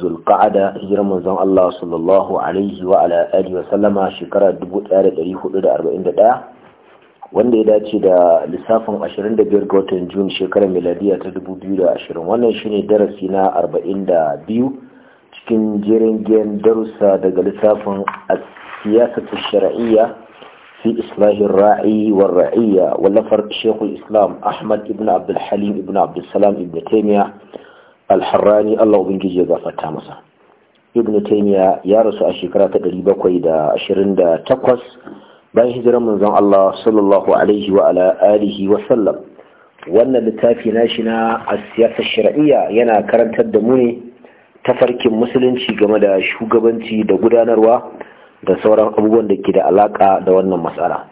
zulqa'ada hijirar manzon Allah sallallahu alaihi wa ala alihi wa sallama shekara 1441 wanda ya dace da lissafin 25 ga watan Jun shekarar miladiya ta 2020 wannan shine darasi na 42 cikin jerin gen darussa daga lissafin siyasatu shar'iyya fi islahin ra'i wa ra'iyya wallafar Sheikhul Islam Ahmad ibn Abdul Halim ibn Abdul Salam ibn Taymiyyah al-harrani Allah ubangiji ya gafarta masa ibn taymiya ya rasu a shekara ta 728 bayan hijiran manzon Allah sallallahu alaihi wa ala alihi wa sallam wannan littafi nashi na siyasar shar'iyya yana karantar da mu ne tafarkin musulunci game da shugabanci da gudanarwa da sauran abubuwan da ke da alaka da wannan matsala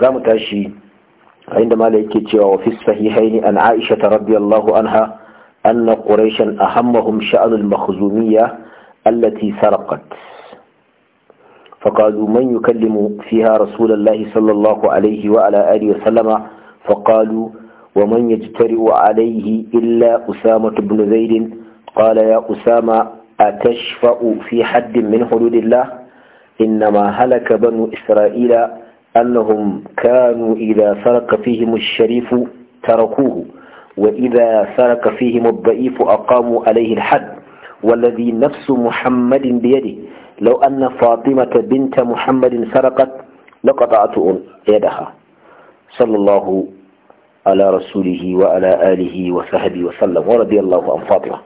za mu tashi a inda mala yake cewa wa fi sahihaini an aisha ta radiyallahu anha أن قريشا أهمهم شأن المخزومية التي سرقت فقالوا من يكلم فيها رسول الله صلى الله عليه وعلى آله وسلم فقالوا ومن يجترئ عليه إلا أسامة بن زيد قال يا أسامة أتشفأ في حد من حدود الله إنما هلك بنو إسرائيل أنهم كانوا إذا سرق فيهم الشريف تركوه وإذا سرق فيهم الضعيف أقاموا عليه الحد والذي نفس محمد بيده لو أن فاطمة بنت محمد سرقت لقطعت يدها صلى الله على رسوله وعلى آله وصحبه وسلم ورضي الله عن فاطمة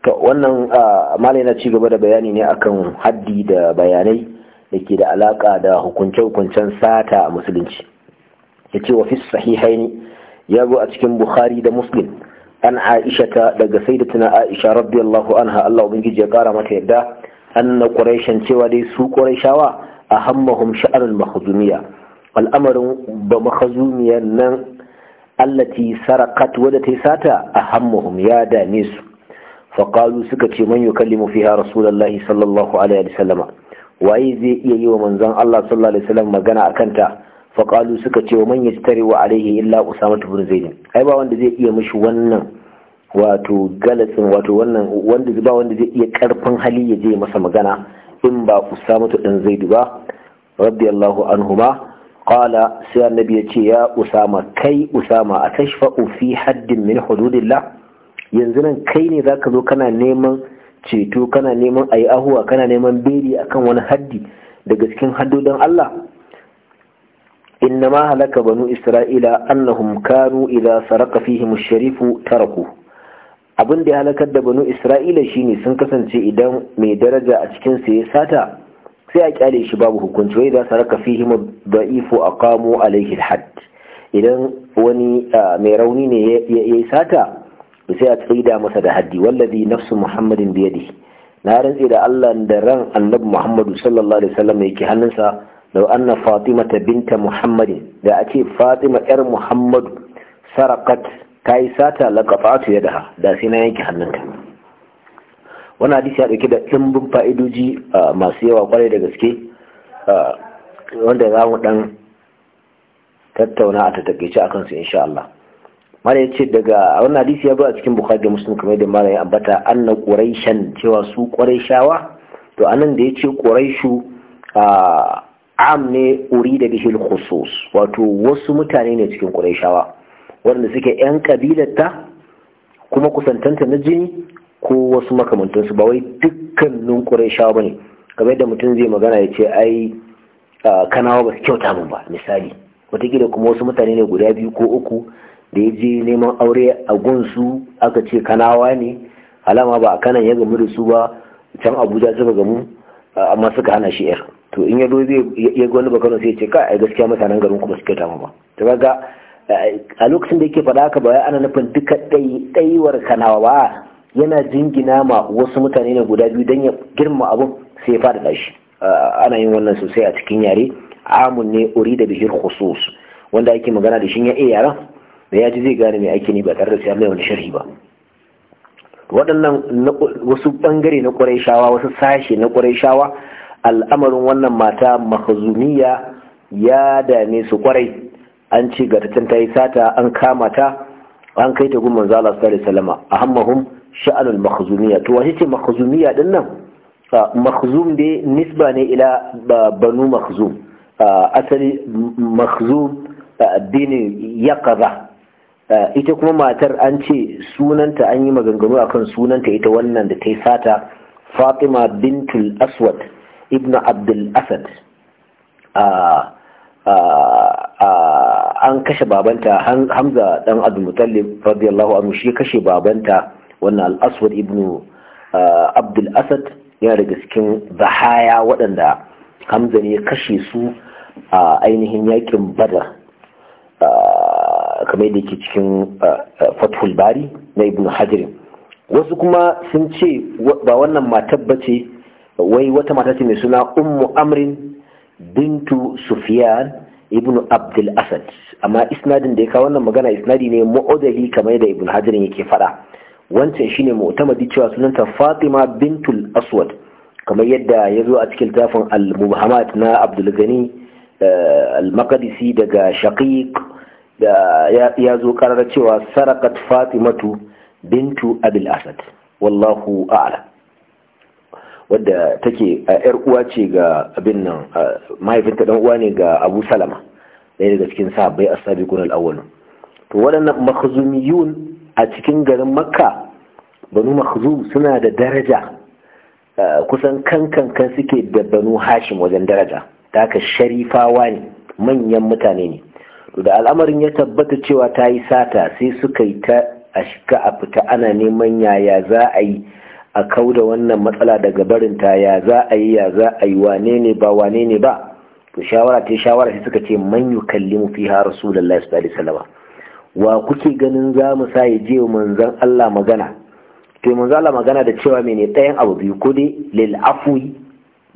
wannan malai na cigaba da bayani ne akan haddi da bayanai da ke da alaka da hukunce-hukuncen sata a musulunci ya ce wa fi sahihaini ya zo a cikin bukhari da muslim an aisha ta daga sayyidatuna aisha radiyallahu anha Allah ubangiji ya kara mata yadda anna quraishan cewa dai su quraishawa hammahum sha'anul mahzumiya al'amarin ba mahzumiyan nan allati sarakat wadda ta sata a hammahum ya dame su faqalu suka ce man yukallimu fiha rasulullahi sallallahu alaihi wasallama waye zai iya yi wa manzon Allah sallallahu alaihi wasallam magana akanta faƙalu suka ce wa man tare wa alaihi illa usama ibn zaid ai ba wanda zai iya mishi wannan wato galatsin wato wannan wanda ba wanda zai iya karfin hali ya je masa magana in ba usama dan zaid ba radiyallahu anhuma qala sai annabi ya ce ya usama kai usama atashfa'u fi haddin min hududillah yanzu nan kai ne zaka zo kana neman ceto kana neman ayi ahuwa kana neman beli akan wani haddi daga cikin haddodin Allah إنما هلك بنو إسرائيل أنهم كانوا إذا سرق فيهم الشريف تركوه abin da ya halakar da banu isra'ila shine sun kasance idan mai daraja a cikin su ya sata sai a kyale shi babu hukunci wai za su raka fihim da'ifu aqamu alaihi idan wani mai rauni ne ya sata sai a tsaida masa da haddi wallazi nafsu muhammadin biyadi na rantse da Allah da ran annabi muhammadu sallallahu alaihi wasallam yake hannunsa lau anna fatima ta binta muhammadin da a ce fatima yar muhammadu sarakat ta yi sata laƙafatu ya daha da sai na yanke hannunta wani hadisi ya ɗauke da ɗimbin fa'idodi masu yawa kwarai da gaske wanda za mu ɗan tattauna a tattakaice a kansu insha Allah mara ya ce daga wannan hadisi ya ba a cikin bukhari da muslim kamar da mara ya ambata anna quraishan cewa su shawa? to anan da ya ce quraishu a am ne uri da bihil khusus wato wasu mutane ne cikin ƙurayshawa waɗanda suke 'yan kabilarta kuma kusantanta na jini ko wasu makamantansu ba wai dukkanin ƙurayshawa ba ne kamar yadda mutum zai magana ya ce ai kanawa ba su kyauta min ba misali wataƙila kuma wasu mutane ne guda biyu ko uku da ya je neman aure a gunsu aka ce kanawa ne alama ba a kanan ya gamu da su ba can abuja suka gamu amma suka hana shi 'yar to in ya zo zai ya ga wani bakano sai ya ce ka a gaskiya mutanen garin kuma suke damu ba to ga, a lokacin da yake faɗa haka ba ya ana nufin duka ɗaiwar kanawa ba yana jingina ma wasu mutane ne guda biyu don ya girma abun sai ya faɗaɗa shi ana yin wannan sosai a cikin yare amun ne uri da bihir khusus wanda ake magana da shi ya iya yaran da ya ji zai gane mai aiki ne ba tare da sai mai wani sharhi ba waɗannan wasu bangare na ƙwarai shawa wasu sashe na ƙwarai shawa al'amarin wannan mata mahazumiya ya dame su kwarai an ci ga ta yi sata an kama ta an kai ta gumman manzo Allah sallallahu salama a hamahun sha'anul mahazumiya to wace ce mahazumiya din nan makhzum dai nisba ne ila banu makhzum asali makhzum ya kaza ita kuma matar an ce sunanta an yi maganganu akan sunanta ita wannan da ta yi sata Fatima bintul Aswad Ibnu abdul asad ah, ah, ah, an kashe babanta hamza dan abdulmutallib radiyallahu anhu shi kashe babanta wannan al-aswad ibn abdul asad ya daga cikin zahaya waɗanda hamza ne kashe su a ainihin yakin badar kamar da ke cikin fathul bari na ibn hajar wasu kuma sun ce ba wannan matabbace wai wata mata ce mai suna ummu amrin bintu sufiyan ibn abdul asad amma isnadin da ya kawo wannan magana isnadi ne mu'adali kamar da ibn hajar yake fada wancan shine mu'tamadi cewa sunanta fatima bintul aswad kamar yadda ya zo a cikin littafin al muhammad na abdul gani eh, al-maqdisi daga shaqiq ya zo karar cewa sarakat fatimatu bintu Abdul asad wallahu a'lam wadda take yar uwa ce ga abin nan mahaifinta dan uwa ne ga Abu Salama ɗaya daga cikin sahabbai as-sabiqun al awwal to waɗannan makhzumiyun a cikin garin Makka banu makhzum suna da daraja kusan kankan kan suke da banu Hashim wajen daraja da ka sharifawa ne manyan mutane ne to da al'amarin ya tabbata cewa ta yi sata sai suka yi ta a a fita ana neman yaya za a yi a kau da wannan matsala daga barinta ya za a yi ya za a yi wane ne ba wane ne ba to shawara ta shawara sai suka ce man fi ha rasulullahi sallallahu alaihi wasallam wa kuke ganin za mu sa ya je manzon Allah magana to manzon Allah magana da cewa mene ɗayan abu biyu ko dai lil afwi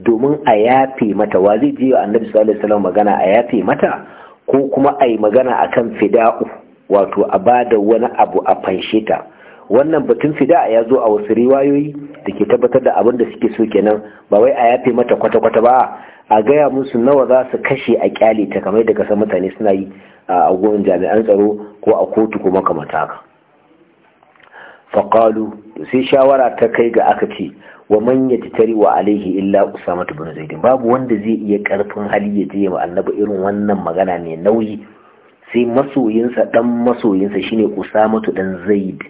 domin a yafe mata wa zai je annabi sallallahu alaihi wasallam magana a yafe mata ko kuma a yi magana akan fida'u wato a ba da wani abu a fanshe ta wannan batun fida ya zo a wasu riwayoyi da ke tabbatar da abin da suke so kenan ba wai a yafe mata kwata-kwata ba a gaya musu nawa za su kashe a kyale ta kamar da san mutane suna yi a agogon jami'an tsaro ko a kotu ko makamata haka faƙalu sai shawara ta kai ga aka ce wa man tari wa alaihi illa usama ibn zaid babu wanda zai iya karfin hali ya je ma annabi irin wannan magana ne nauyi sai masoyinsa dan masoyinsa shine usama dan zaid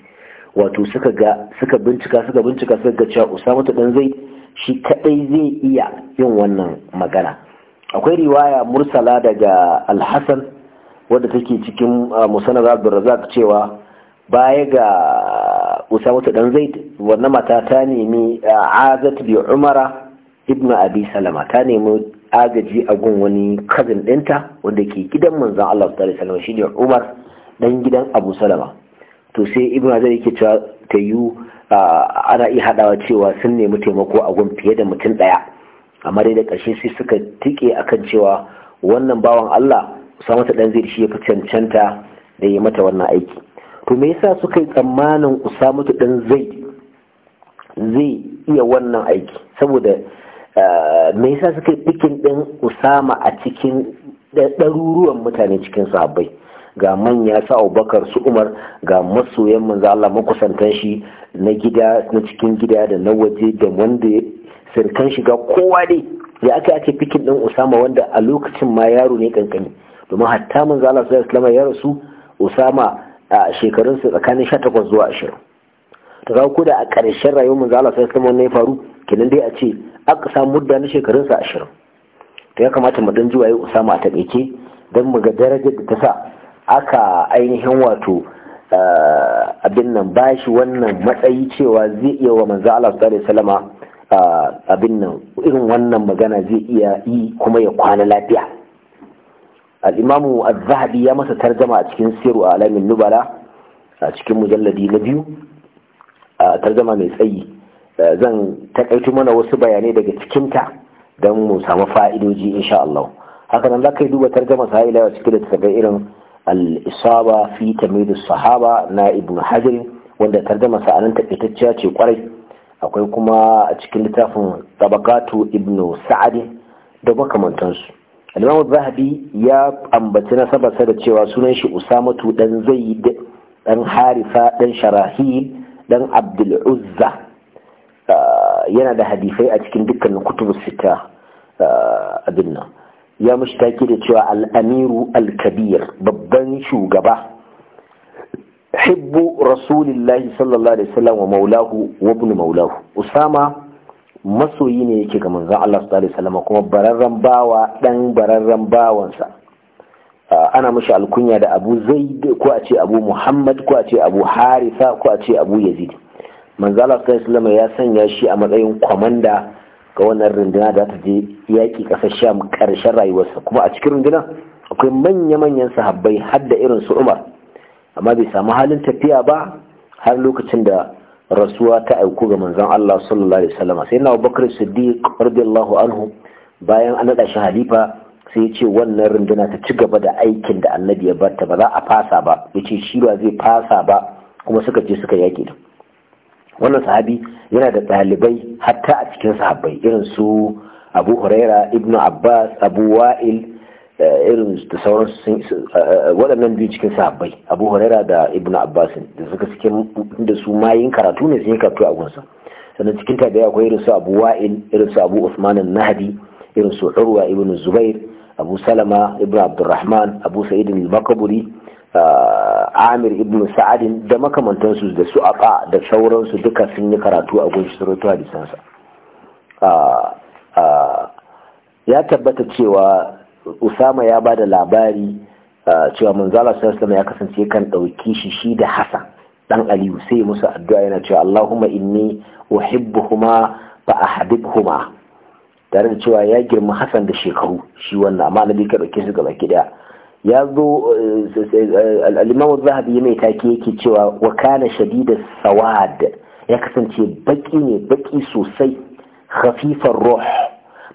wato suka ga suka bincika suka bincika suka ga cewa usama ta dan zai shi kadai zai iya yin wannan magana akwai riwaya mursala daga alhassan wadda take cikin uh, Musnad Abdurrazzaq cewa baya ga usama ta dan zai wannan mata ta nemi uh, azat bi umara ibn abi salama ta nemi agaji a gun wani cousin dinta, wanda ke gidan manzon Allah sallallahu alaihi wasallam shine Umar dan gidan Abu Salama to sai ibn hajar yake cewa ta yi ana iya haɗawa cewa sun nemi taimako a gun fiye da mutum ɗaya amma dai da ƙarshe sai suka tike a kan cewa wannan bawan Allah Usama ta dan zai shi ya fi cancanta da ya mata wannan aiki to me yasa suka yi tsammanin Usama ta dan zai zai iya wannan aiki saboda me yasa suka yi bikin din Usama a cikin ɗaruruwan mutane cikin sahabbai ga manya su abubakar su umar ga masoyan manzo Allah makusantan shi na gida na cikin gida da na waje da wanda sirkan shiga kowa dai ya aka ake fikin ɗin usama wanda a lokacin ma yaro ne kankani domin hatta manzo Allah sallallahu alaihi ya rasu usama a shekarunsa tsakanin 18 zuwa 20 ta za ku da a ƙarshen rayuwar manzo Allah sallallahu alaihi ya faru kenan dai a ce aka samu mudda na shekarunsa 20 to ya kamata mu dan ji usama a taƙaice dan mu ga darajar da ta sa aka ainihin wato abin nan bashi wannan matsayi cewa zai iya wa manzo Allah sallallahu alaihi abin nan irin wannan magana zai iya yi kuma ya kwana lafiya al-imamu az-zahabi ya masa tarjama a cikin siru alamin nubala a cikin mujalladi na biyu a mai tsayi zan takaito mana wasu bayanai daga cikin ta don mu samu fa'idoji insha Allah haka nan za ka yi duba tarjama sa'ila cikin da irin al fi tamidu sahaba na ibn hajar wanda tarjama sa'ananta takaitacciya ce kwarai akwai kuma a cikin littafin tabakatu ibn sa'adi da makamantansu al zahabi ya ambaci nasabarsa da cewa sunan shi usamatu dan zaid dan harifa dan sharahil dan abdul uzza ah, yana da hadisai a cikin dukkanin kutubus sita ah, abin nan ya mushi da cewa al'amiru al-kabir babban shugaba hibbu rasulillahi sallallahu alaihi wasallam wa maulahu wa ibn maulahu usama masoyi ne yake ga manzon Allah sallallahu alaihi wasallam kuma bararren bawa dan bararren bawansa ana mushi alkunya da Abu Zaid ko a ce Abu Muhammad ko a ce Abu Harisa ko a ce Abu Yazid manzon Allah sallallahu alaihi wasallam ya sanya shi a matsayin komanda ga wannan runduna da ta je yaƙi ƙasar sham ƙarshen rayuwarsa kuma a cikin runduna akwai manya-manyan sahabbai har da irin su umar amma bai samu halin tafiya ba har lokacin da rasuwa ta aiko ga manzon Allah sallallahu alaihi wasallam sai na Abubakar Siddiq radiyallahu anhu bayan an nada shi halifa sai ya ce wannan runduna ta ci gaba da aikin da Annabi ya barta ba za a fasa ba yace shi ba zai fasa ba kuma suka je suka yaƙi da wannan sahabi yana da ɗalibai hatta a cikin sahabbai irin su abu huraira ibnu abbas abu wa'il eh, irin da sauran eh, eh, waɗannan biyu cikin sahabbai abu huraira da ibnu abbas da suka cikin da su mayin karatu ne sun yi karatu a gunsa sannan cikin tabi akwai irin su abu wa'il irin su abu usman nahdi irin su urwa ibn zubair abu salama Ibn abdurrahman abu sa'id al-makaburi amir ibn sa'adin da makamantansu da su aka da sauransu duka sun yi karatu a gunshi surutu hadisansa ya tabbata cewa usama ya ba da labari cewa manzala sallallahu ya kasance kan ɗauki shi shi da hasan dan aliyu sai musu addu'a yana cewa allahumma inni huma a habib huma. tare da cewa ya girma hasan da shekaru shi wannan amma bi ka dauke su gaba ki daya ya zo al'imam zahabi ya mai take yake cewa wakana shadida sawad ya kasance baki ne baki sosai khafifar roh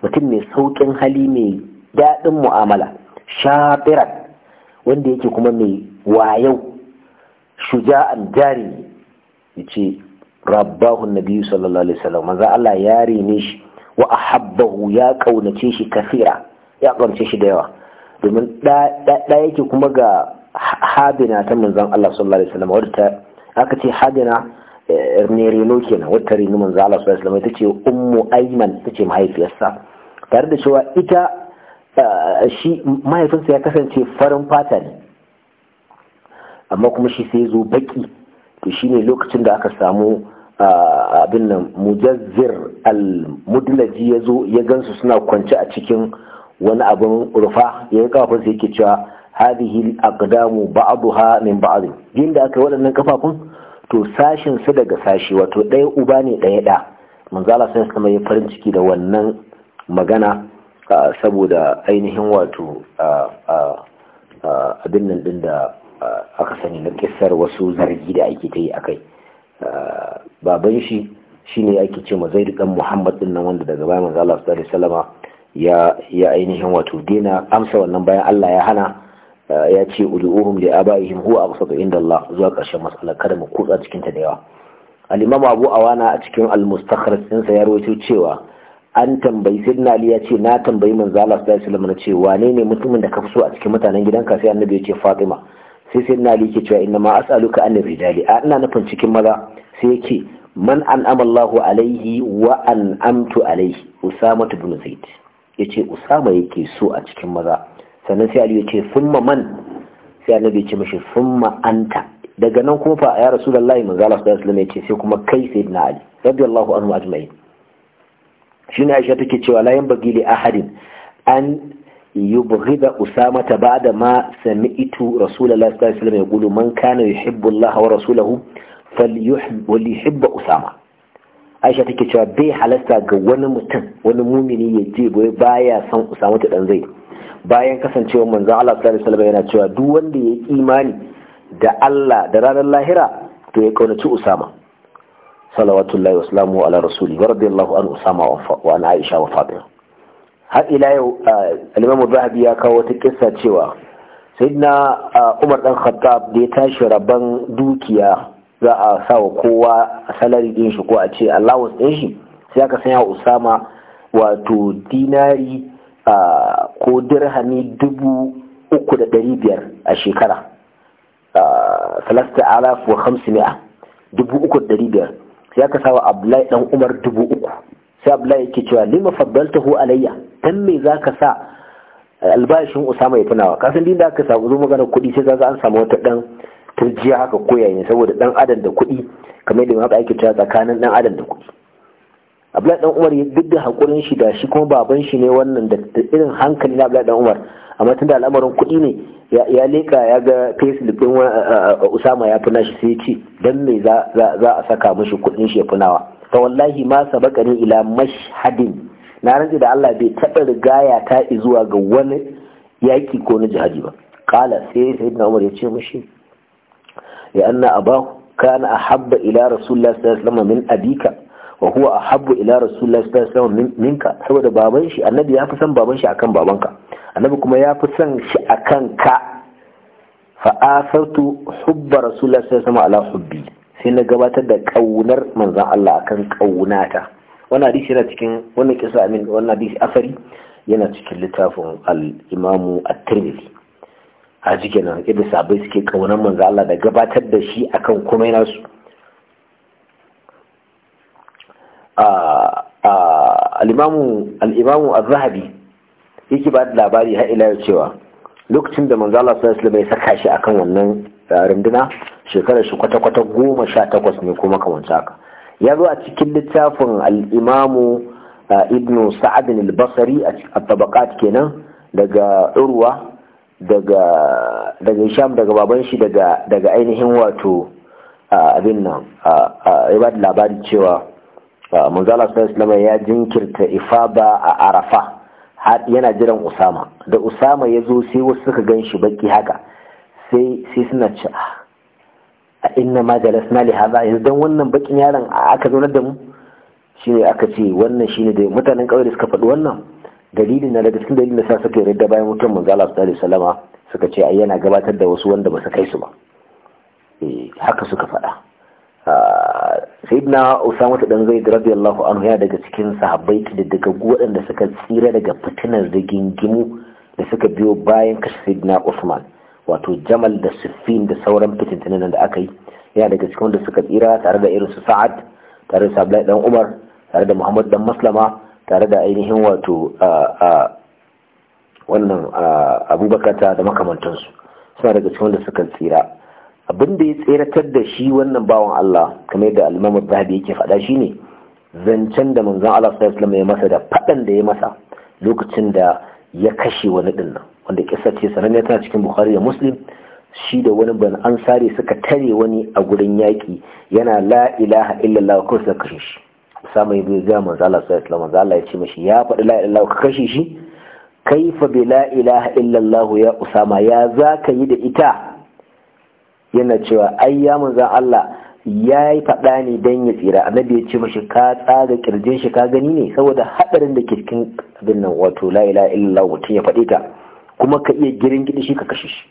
mutum mai sauƙin hali mai daɗin mu'amala shafiran wanda yake kuma mai wayau shuja'an jari ya ce rabbahu nabi sallallahu alaihi wasallam Allah ya rene shi wa ahabbahu ya kaunace shi kafira ya kaunace shi da yawa domin ɗaya yake kuma ga habina ta manzan Allah sallallahu alaihi wasallam wadda ta aka ce habina eh, ne reno kenan wata reno manzan Allah sallallahu alaihi wasallam ta ce ummu aiman ta ce mahaifiyarsa tare da cewa ita eh, shi mahaifinsa ya kasance farin fata ne amma kuma shi sai zo baki to shine lokacin da aka samu eh, abin nan mujazzir al-mudlaji ya zo ya gansu suna kwance a cikin wani abin rufa ya yi kafin sai yake cewa hadihi aqdamu ba'daha min ba'd din da aka waɗannan kafafun to sashin su daga sashi wato ɗaya uba ne ɗaya ɗa manzo Allah sai ya farin ciki da wannan magana saboda ainihin wato abin nan din da aka sani na kissar wasu zargi da ake ta yi kai. baban shi shine ake ce ma Zaid dan Muhammad din nan wanda daga bayan manzo Allah sallallahu alaihi ya ainihin wato dina amsa wannan bayan Allah ya hana eh, ya ce ud'uhum li abaihim huwa aqsatu inda Allah zuwa ƙarshen matsalar kada mu kutsa cikin ta da yawa al-imam Abu Awana a cikin al-mustakhraj sa ya rawaito cewa an tambayi sayyidina Ali ya ce na tambayi manzo Allah sallallahu alaihi wasallam na ce wane ne mutumin da ka fi so a cikin mutanen gidanka sai annabi ya ce Fatima sai sayyidina Ali yake cewa inna ma as'aluka an rijali a ina nufin cikin maza sai yake man an amallahu alaihi wa an amtu alaihi Usama bin Zaid ya ce usama yake so a cikin maza sannan sai aliyu ya ce summa man sai annabi ya ce mashi summa anta daga nan kuma fa ya rasulullahi manzo Allah sallallahu alaihi wasallam ya ce sai kuma kai na ali radiyallahu anhu ajma'in shine Aisha take cewa la yanbaghi li ahadin an yubghida usama ta ba'da ma sami'tu rasulullahi sallallahu alaihi wasallam yaqulu man kana yuhibbu Allah wa rasulahu falyuhibbu usama aisha take cewa bai halasta ga wani mutum wani mumini ya je bai baya san usama ta dan zai bayan kasancewa manzo Allah sallallahu alaihi wasallam yana cewa duk wanda ya imani da Allah da ranar lahira to ya kaunaci usama salawatullahi wasalamu ala rasuli wa radiyallahu an usama wa an aisha wa fatima har ila yau uh, al-imam zahabi ya kawo wata kissa cewa sayyidina uh, umar dan khattab da ya tashi rabban dukiya za a sa wa kowa salari din shi ko a ce allowance din shi sai aka sanya usama wato dinari ko dirhami dubu uku da dari biyar a shekara salasta alaf wa hamsini'a dubu uku da dari biyar sai aka sa wa abdullahi dan umar dubu uku sai abdullahi yake cewa lima hu alayya dan me zaka sa albashin usama ya tunawa kasan din da aka samu zo magana kuɗi sai kaga an samu wata dan jiya haka koyaye saboda dan adam da kuɗi kamar da haka ake cewa tsakanin dan adam da kuɗi abdullahi dan umar duk da hakurin shi da shi kuma baban shi ne wannan da irin hankali na abdullahi dan umar amma tunda al'amarin kuɗi ne ya leka ya ga payslip din usama ya fi nashi sai ce dan me za a saka mishi kuɗin shi ya fi nawa fa wallahi ma sabaqani ila mashhadin na rantsi da Allah bai taɓa rigaya ta zuwa ga wani yaki ko na jihadi ba kala sai sayyidina umar ya ce mishi لأن أباه كان أحب إلى رسول الله صلى الله عليه وسلم من أبيك وهو أحب إلى رسول الله صلى الله عليه وسلم منك سوى بابن شي النبي يا فسن بابن شي أكن بابنك النبي كما يا فسن شي أكن كا فآثرت حب رسول الله صلى الله عليه وسلم على حبي sai na gabatar da kaunar manzan Allah akan kaunata wannan hadisi yana cikin wannan kisa amin wannan hadisi asari yana cikin littafin al-Imam at-Tirmidhi A haji kenan yadda sabai suke kaunar manzo Allah da gabatar da shi akan komai nasu al-imamu al zahabi yake ba da labari har ila cewa lokacin da manzo Allah sallallahu alaihi wasallam ya saka shi akan wannan runduna shekarar shi kwata-kwata goma sha takwas ne kuma kamar haka ya zo a cikin littafin al'imamu Ibnu sa'adin al-basari a tabakat kenan daga urwa daga daga sham daga baban shi daga daga ainihin wato abin nan ya ba da labari cewa manzala sallallahu ya jinkirta ifaba a arafa yana jiran usama da usama ya zo sai wasu suka gan shi baki haka sai sai suna ci ah, a inna ma jalasna li hada yanzu dan wannan bakin yaron aka zaunar da mu shine aka ce wannan shine da mutanen kauye suka faɗi wannan dalilin na daga cikin dalilin da sa suka yarda bayan wutan manzo Allah sallallahu alaihi wasallama suka ce ai yana gabatar da wasu wanda ba su kai su ba eh haka suka faɗa ah, sayyidina Usama ta dan zai radiyallahu anhu yana daga cikin sahabbai daga waɗanda suka tsira daga fitinar da gingimu da suka biyo bayan kashe sayyidina Usman wato Jamal da Siffin da sauran fitintunan da aka yi yana daga cikin wanda suka tsira tare da irin su Sa'ad tare da Abdullahi dan Umar tare da Muhammad dan Maslama tare da ainihin wato a wannan abubakata da makamantansu suna daga cikin wanda suka tsira abin da ya tseratar da shi wannan bawan Allah kamar yadda al-Imam Zahabi yake faɗa shi ne zancen da manzon Allah su alaihi ya masa da faɗan da ya masa lokacin da ya kashe wani din wanda kisa ce sananne tana cikin Bukhari da Muslim shi da wani ban ansari suka tare wani a gurin yaƙi yana la ilaha illallah ko suka kashe shi sama yi zo zama manzo Allah sallallahu alaihi Allah ya ce ya faɗi la ka kashe shi Kai bi la ilaha illallah ya usama ya zaka yi da ita yana cewa ai ya manzan Allah ya yi faɗa ne don ya tsira annabi ya ce mashi ka tsaga kirjin shi ka gani ne saboda haɗarin da ke cikin abin nan wato la ilaha mutum ya faɗi ta kuma ka iya girin gidi shi ka kashe shi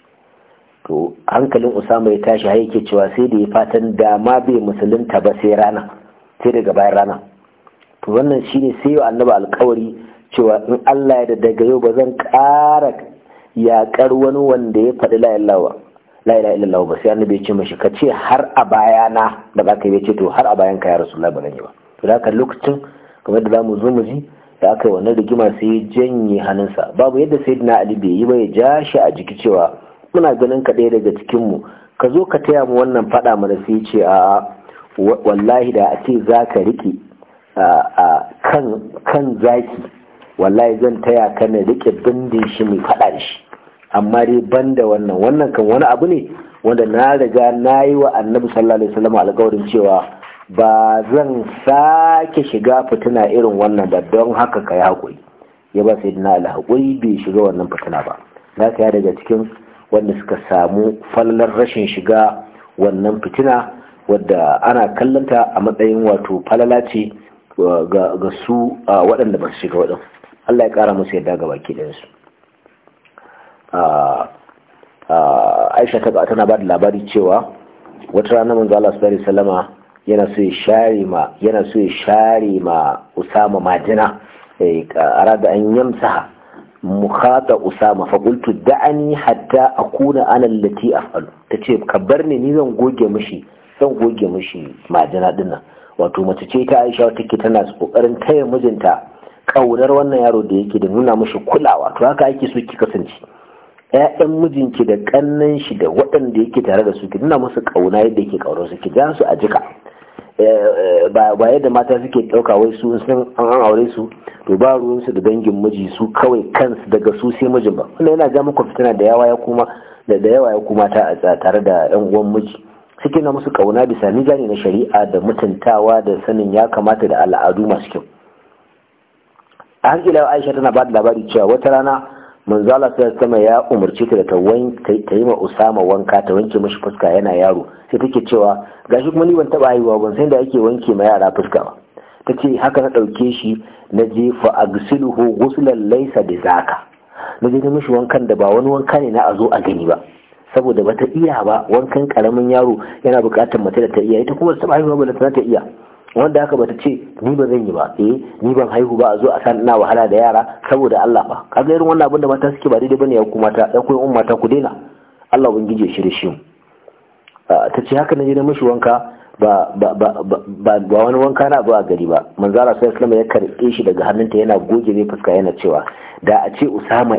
to hankalin usama ya tashi har yake cewa sai da ya fatan dama ma bai musulunta ba sai rana sai daga bayan rana to wannan shine sai yau annaba alkawari cewa in Allah ya da daga yau ba zan ƙara yaƙar wani wanda ya faɗi la ilaha illallah ba sai annabi ya ce mashi ka ce har a bayana da ba ka yi ce to har a bayan ka ya rasulullahi ba zan yi ba to da haka lokacin kamar da zamu zo mu ji da aka yi wannan rigima sai ya janye hannunsa babu yadda sayyidina ali bai yi ba ya ja shi a jiki cewa muna ganin ka ɗaya daga cikin mu ka zo ka taya mu wannan faɗa mana sai ce a'a wallahi da a ce za ka rike kan zaki wallahi zan taya ka na rike bindin shi mai faɗa da shi amma dai banda wannan wannan kan wani abu ne wanda na riga na yi wa annabi sallallahu alaihi wasallam alƙawarin cewa ba zan sake shiga fitina irin wannan ba don haka ka yi haƙuri ya ba sai dina alhaƙuri bai shiga wannan fitina ba Na ka daga cikin wanda suka samu falalar rashin shiga wannan fitina wadda ana kallanta a matsayin wato falala ce uh, ga su uh, waɗanda ba su shiga waɗin Allah ya ƙara musu yadda ga baki ɗinsu uh, aisha ta tana ba da labari cewa wata rana manzo Allah sallallahu salama yana so ya share ma yana so ya share ma Usama majina eh, an yamsa mukhata Usama fa qultu da'ani hatta akuna ana allati af'alu tace ka bar ni ni zan goge mashi. zan goge mishi majina nan. wato mace ce ta aisha ke tana kokarin taya mijinta kaurar wannan yaro da yake da nuna mishi kulawa to haka ake so ki kasance ƴaƴan mijinki da kannan shi da waɗanda yake tare da su ki nuna musu kauna yadda yake kaurar su ki ja a jika eh, eh, ba yadda mata suke ɗauka wai su sun an aure su to ba ruwansu da dangin miji su kawai kansu daga su sai mijin ba wannan yana ja muku fitina da yawa ya kuma da yawa ya kuma ta tare da ƴan uwan miji suke na musu kauna bisa mizani na shari'a da mutuntawa da sanin ya kamata da al'adu masu kyau a har ila aisha tana ba da labari cewa wata rana manzala sai sama ya umarci ta da ta yi ma usama wanka ta wanke mashi fuska yana yaro sai take cewa gashi kuma ni ban taba haihuwa ban san da ake wanke ma yara fuska ba Ta ce haka na ɗauke shi na je fa agsiluhu laisa da zaka na je mishi wankan da ba wani wanka ne na a zo a gani ba saboda bata iya ba wankan karamin yaro yana bukatar mace da ta iya ita kuma sabai ba da ta iya wanda haka bata ce ni ba zan yi ba eh ni ban haihu ba a zo a san ina wahala da yara saboda Allah ba kaga irin wannan abin da mata suke ba daidai bane ya ku mata ya ku umma ku daina Allah ubangije shi da ah, shi ta ce haka na je na mishi wanka ba wani wanka na zuwa gari ba manzara sai islam ya karɓe shi daga hannunta yana goge mai fuska yana cewa da a ce usama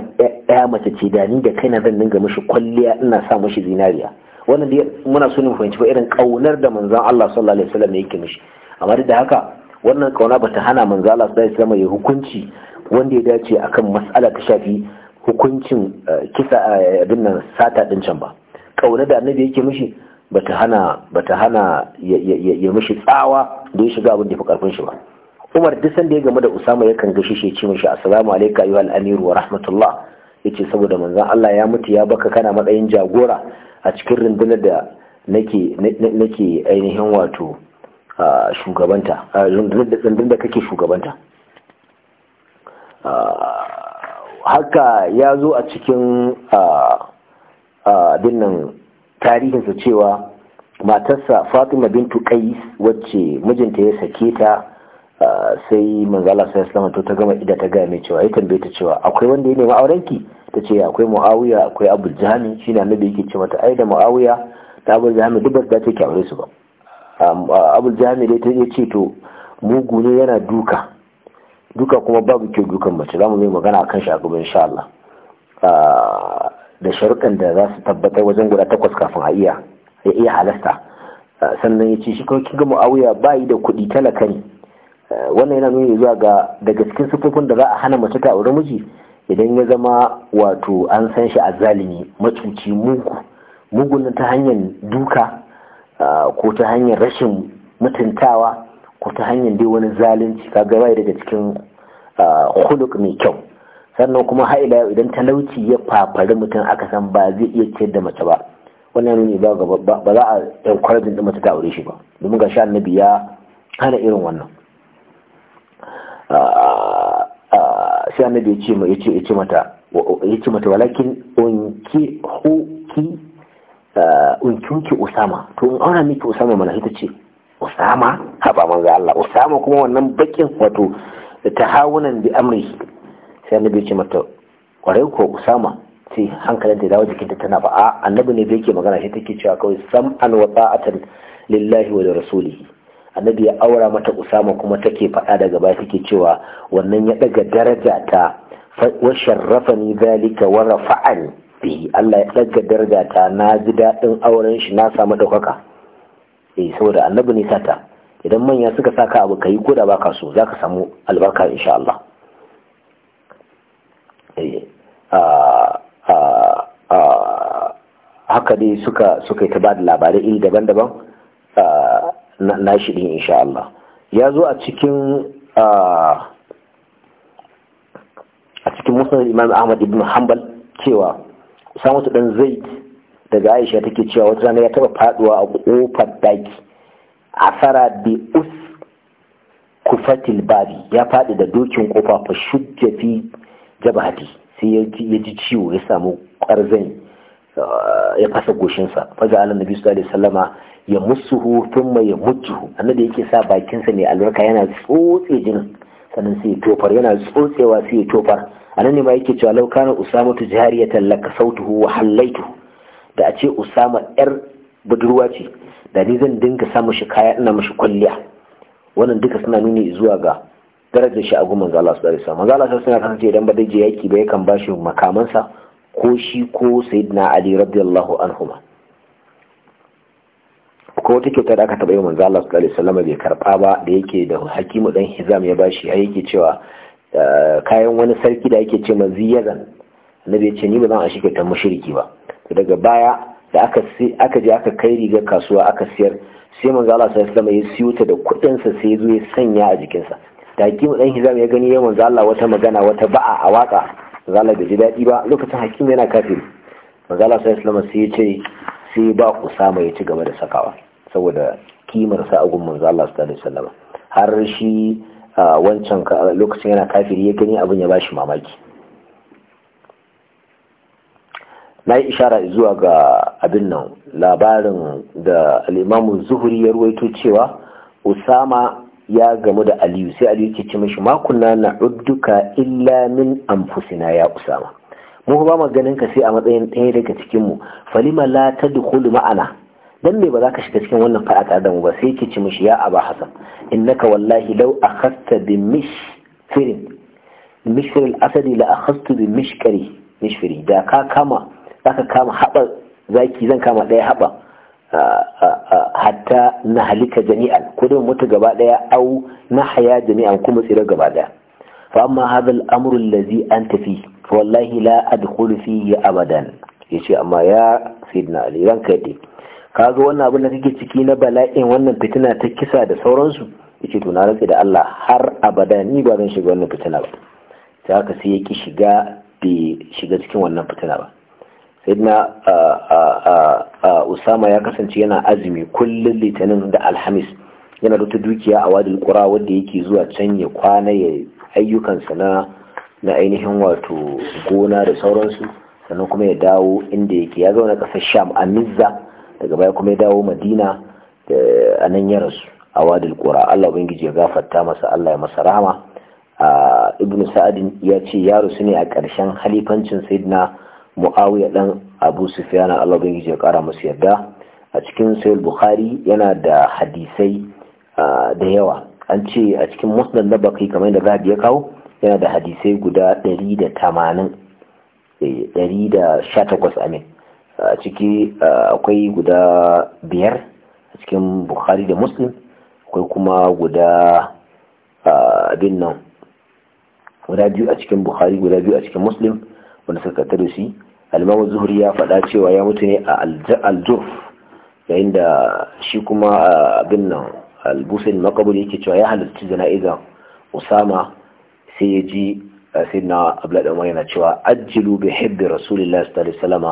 ya mace ce da ni da kai na zan dinga mashi kwalliya ina sa mashi zinariya wannan da muna so ne fahimci ba irin kaunar da manzan Allah sallallahu alaihi wasallam yake mishi amma duk da haka wannan kauna bata hana manzan Allah sallallahu alaihi wasallam ya hukunci wanda ya dace akan mas'ala ta shafi hukuncin eh, kisa eh, abin nan sata din can ba kauna da annabi yake mishi bata hana bata hana ya mishi tsawa da ya shiga abin da fi karfin shi ba Umar duk sanda ya game da Usama yakan gashi shi ce mishi assalamu alayka ayyuhal amiru wa rahmatullah yace saboda manzon Allah ya mutu ya baka kana matsayin jagora a cikin rundunar da nake nake ainihin wato shugabanta rundunar da kake shugabanta haka ya zo a cikin dinnan tarihinsa cewa matarsa fatima bintu qais wacce mijinta ya sake ta sai manzala sai islam to ta gama ida ta gaya mai cewa ya tambaye ta cewa akwai wanda ya nemi aurenki ta ce akwai muawiya akwai abu jami shi na nabi yake ce mata ai da muawiya da abu jami duk ba za ta su ba abu jami dai ta ce to mugu ne yana duka duka kuma babu kyau dukan mace za mu yi magana akan shi a gaba insha Allah da sharuɗan da za su tabbatar wajen guda takwas kafin a iya ya iya halasta sannan ya ce shi kawai kinga mu'awiya ba yi da kuɗi talaka ne wannan yana nuni zuwa ga daga cikin siffofin da za a hana mace ta aure miji idan ya zama wato an san shi a zalimi macuci mugu mugun ta hanyar duka ko ta hanyar rashin mutuntawa ko ta hanyar dai wani zalunci kaga bai daga cikin huluk mai kyau sannan kuma haila idan talauci ya fafari mutum aka san ba zai iya ciyar da mace ba wannan nuni ba ba za a encouraging ɗin mace ta aure shi ba domin ga sha annabi ya hana irin wannan ah, ah, ah, sai annabi ya ce ma ya ce mata ya ce mata walakin unki huki unki usama to in aura miki usama mana ita ce usama haba manzo Allah usama kuma wannan bakin wato hawunan bi amri sai annabi ya ce mata kwarai ko usama sai hankalin da dawo jikinta tana ba a annabi ne da yake magana shi take cewa kawai sam'an wa ta'atan lillahi wa rasulihi annabi ya aura mata usama kuma take faɗa daga baya take cewa wannan ya daga daraja ta wa sharrafani zalika wa rafa'ani bihi Allah ya ɗaga daraja ta na ji daɗin auren shi na samu ɗaukaka eh saboda annabi ne sata idan manya suka saka abu kai ko da baka so zaka samu albarka insha Allah haka dai suka suka ta ba da labarai iri daban-daban na shi din insha Allah ya zo a cikin a cikin musnad imam ahmad ibn hanbal cewa samatu dan zaid daga aisha take cewa wata rana ya taba faduwa a kofar daki fara bi us kufatil babi ya faɗi da dokin kofa fa shujja jabhati sai ya ji ciwo ya samu ƙwarzan uh, ya fasa goshinsa faga ala nabi sallallahu alaihi wasallama ya musuhu mai ya mujjuhu annabi yake sa bakinsa ne albarka yana tsotse jinin sannan sai ya tofar yana tsotsewa sai ya tofar anan ne ma yake cewa law kana usama tu jariyatan lakasautuhu wa hallaitu da a ce usama yar budurwa ce da ni zan dinga sa mishi kaya ina mishi kwalliya wannan duka suna nuni zuwa ga darajar shi a gun manzo Allah sallallahu alaihi wasallam manzo Allah sallallahu alaihi wasallam idan ba dai je yaki ba yakan bashi makamansa ko shi ko sayyidina Ali radiyallahu anhuma ko wata kyauta da aka taɓa yi manzo Allah sallallahu alaihi wasallam bai karɓa ba da yake da Hakimu dan Hizam ya bashi ai yake cewa eh, kayan wani sarki da yake ce maziyazan na ya ce ni ba zan a ashi ta mushriki ba to daga baya da aka aka je aka kai rigar kasuwa aka siyar sai manzo Allah sallallahu alaihi wasallam ya siyo ta da kuɗinsa sai ya zo ya sanya a jikinsa. da hakimu dan hizam ya gani yawan manzo Allah wata magana wata ba'a a waka zala da bai ji daɗi ba lokacin hakimu yana kafiri manzo Allah sallallahu sai ya ce sai ba ku sama ya ci gaba da sakawa saboda kimar sa agun manzo Allah sallallahu har shi wancan lokacin yana kafiri ya gani abin ya ba shi mamaki na yi ishara zuwa ga abin nan labarin da al'imamun zuhuri ya ruwaito cewa usama ya gamu da aliyu sai aliyu ke ce mishi makunna na udduka illa min anfusina ya usama mu ba maganin ka sai a matsayin ɗaya daga cikin mu falima la tadkhulu ma'ana dan me ba za ka shiga cikin wannan fa'a da mu ba sai ke ce mishi ya aba hasan innaka wallahi law akhadta bi mishfirin mishfir al-asadi la akhadtu bi mishkari mishfiri da ka kama zaka kama haɓa zaki zan kama ɗaya haɓa hatta na halika jami'an ko da mutu gaba daya au na haya jami'an kuma tsira gaba daya fa amma hadha al-amru allazi anta fi fa wallahi la adkhulu fihi abadan yace amma ya sidna ali ranka dai ga wannan abin da kake ciki na bala'in wannan fitina ta kisa da sauransu yace to na rantsi da Allah har abada ni ba zan shiga wannan fitina ba sai haka sai ki shiga bai shiga cikin wannan fitina ba sayyidina usama ya kasance yana azumi kullum litinin da alhamis yana da dukiya a wadil kura wanda yake zuwa can ya kwana ya ayyukansa na na ainihin wato gona da sauransu sannan kuma ya dawo inda yake ya zauna kasar sham a mizza daga baya kuma ya dawo madina a nan ya rasu a wadil kura allah ubangiji ya gafarta masa allah ya masa rahama ibnu sa'adin ya ce ya rasu ne a ƙarshen halifancin sayyidina muawiya dan abu sufyan Allah bin ya kara musu yarda a cikin sahih bukhari yana da hadisai da yawa an ce a cikin musnad na baki kamar da zabi ya kawo yana da hadisai guda 180 118 eh, amin a ciki akwai guda biyar a cikin bukhari da muslim akwai kuma guda abin nan guda biyu a cikin bukhari guda biyu a cikin muslim wanda suka tattara shi almamu zuhri ya faɗa cewa ya mutu ne a aljurf yayin da shi kuma ah, abin nan albusin makabul yake cewa ya halarci jana'iza usama sai ya ji ah, sai na abla da yana cewa ajjilu bi hibbi rasulillah sallallahu alaihi wasallam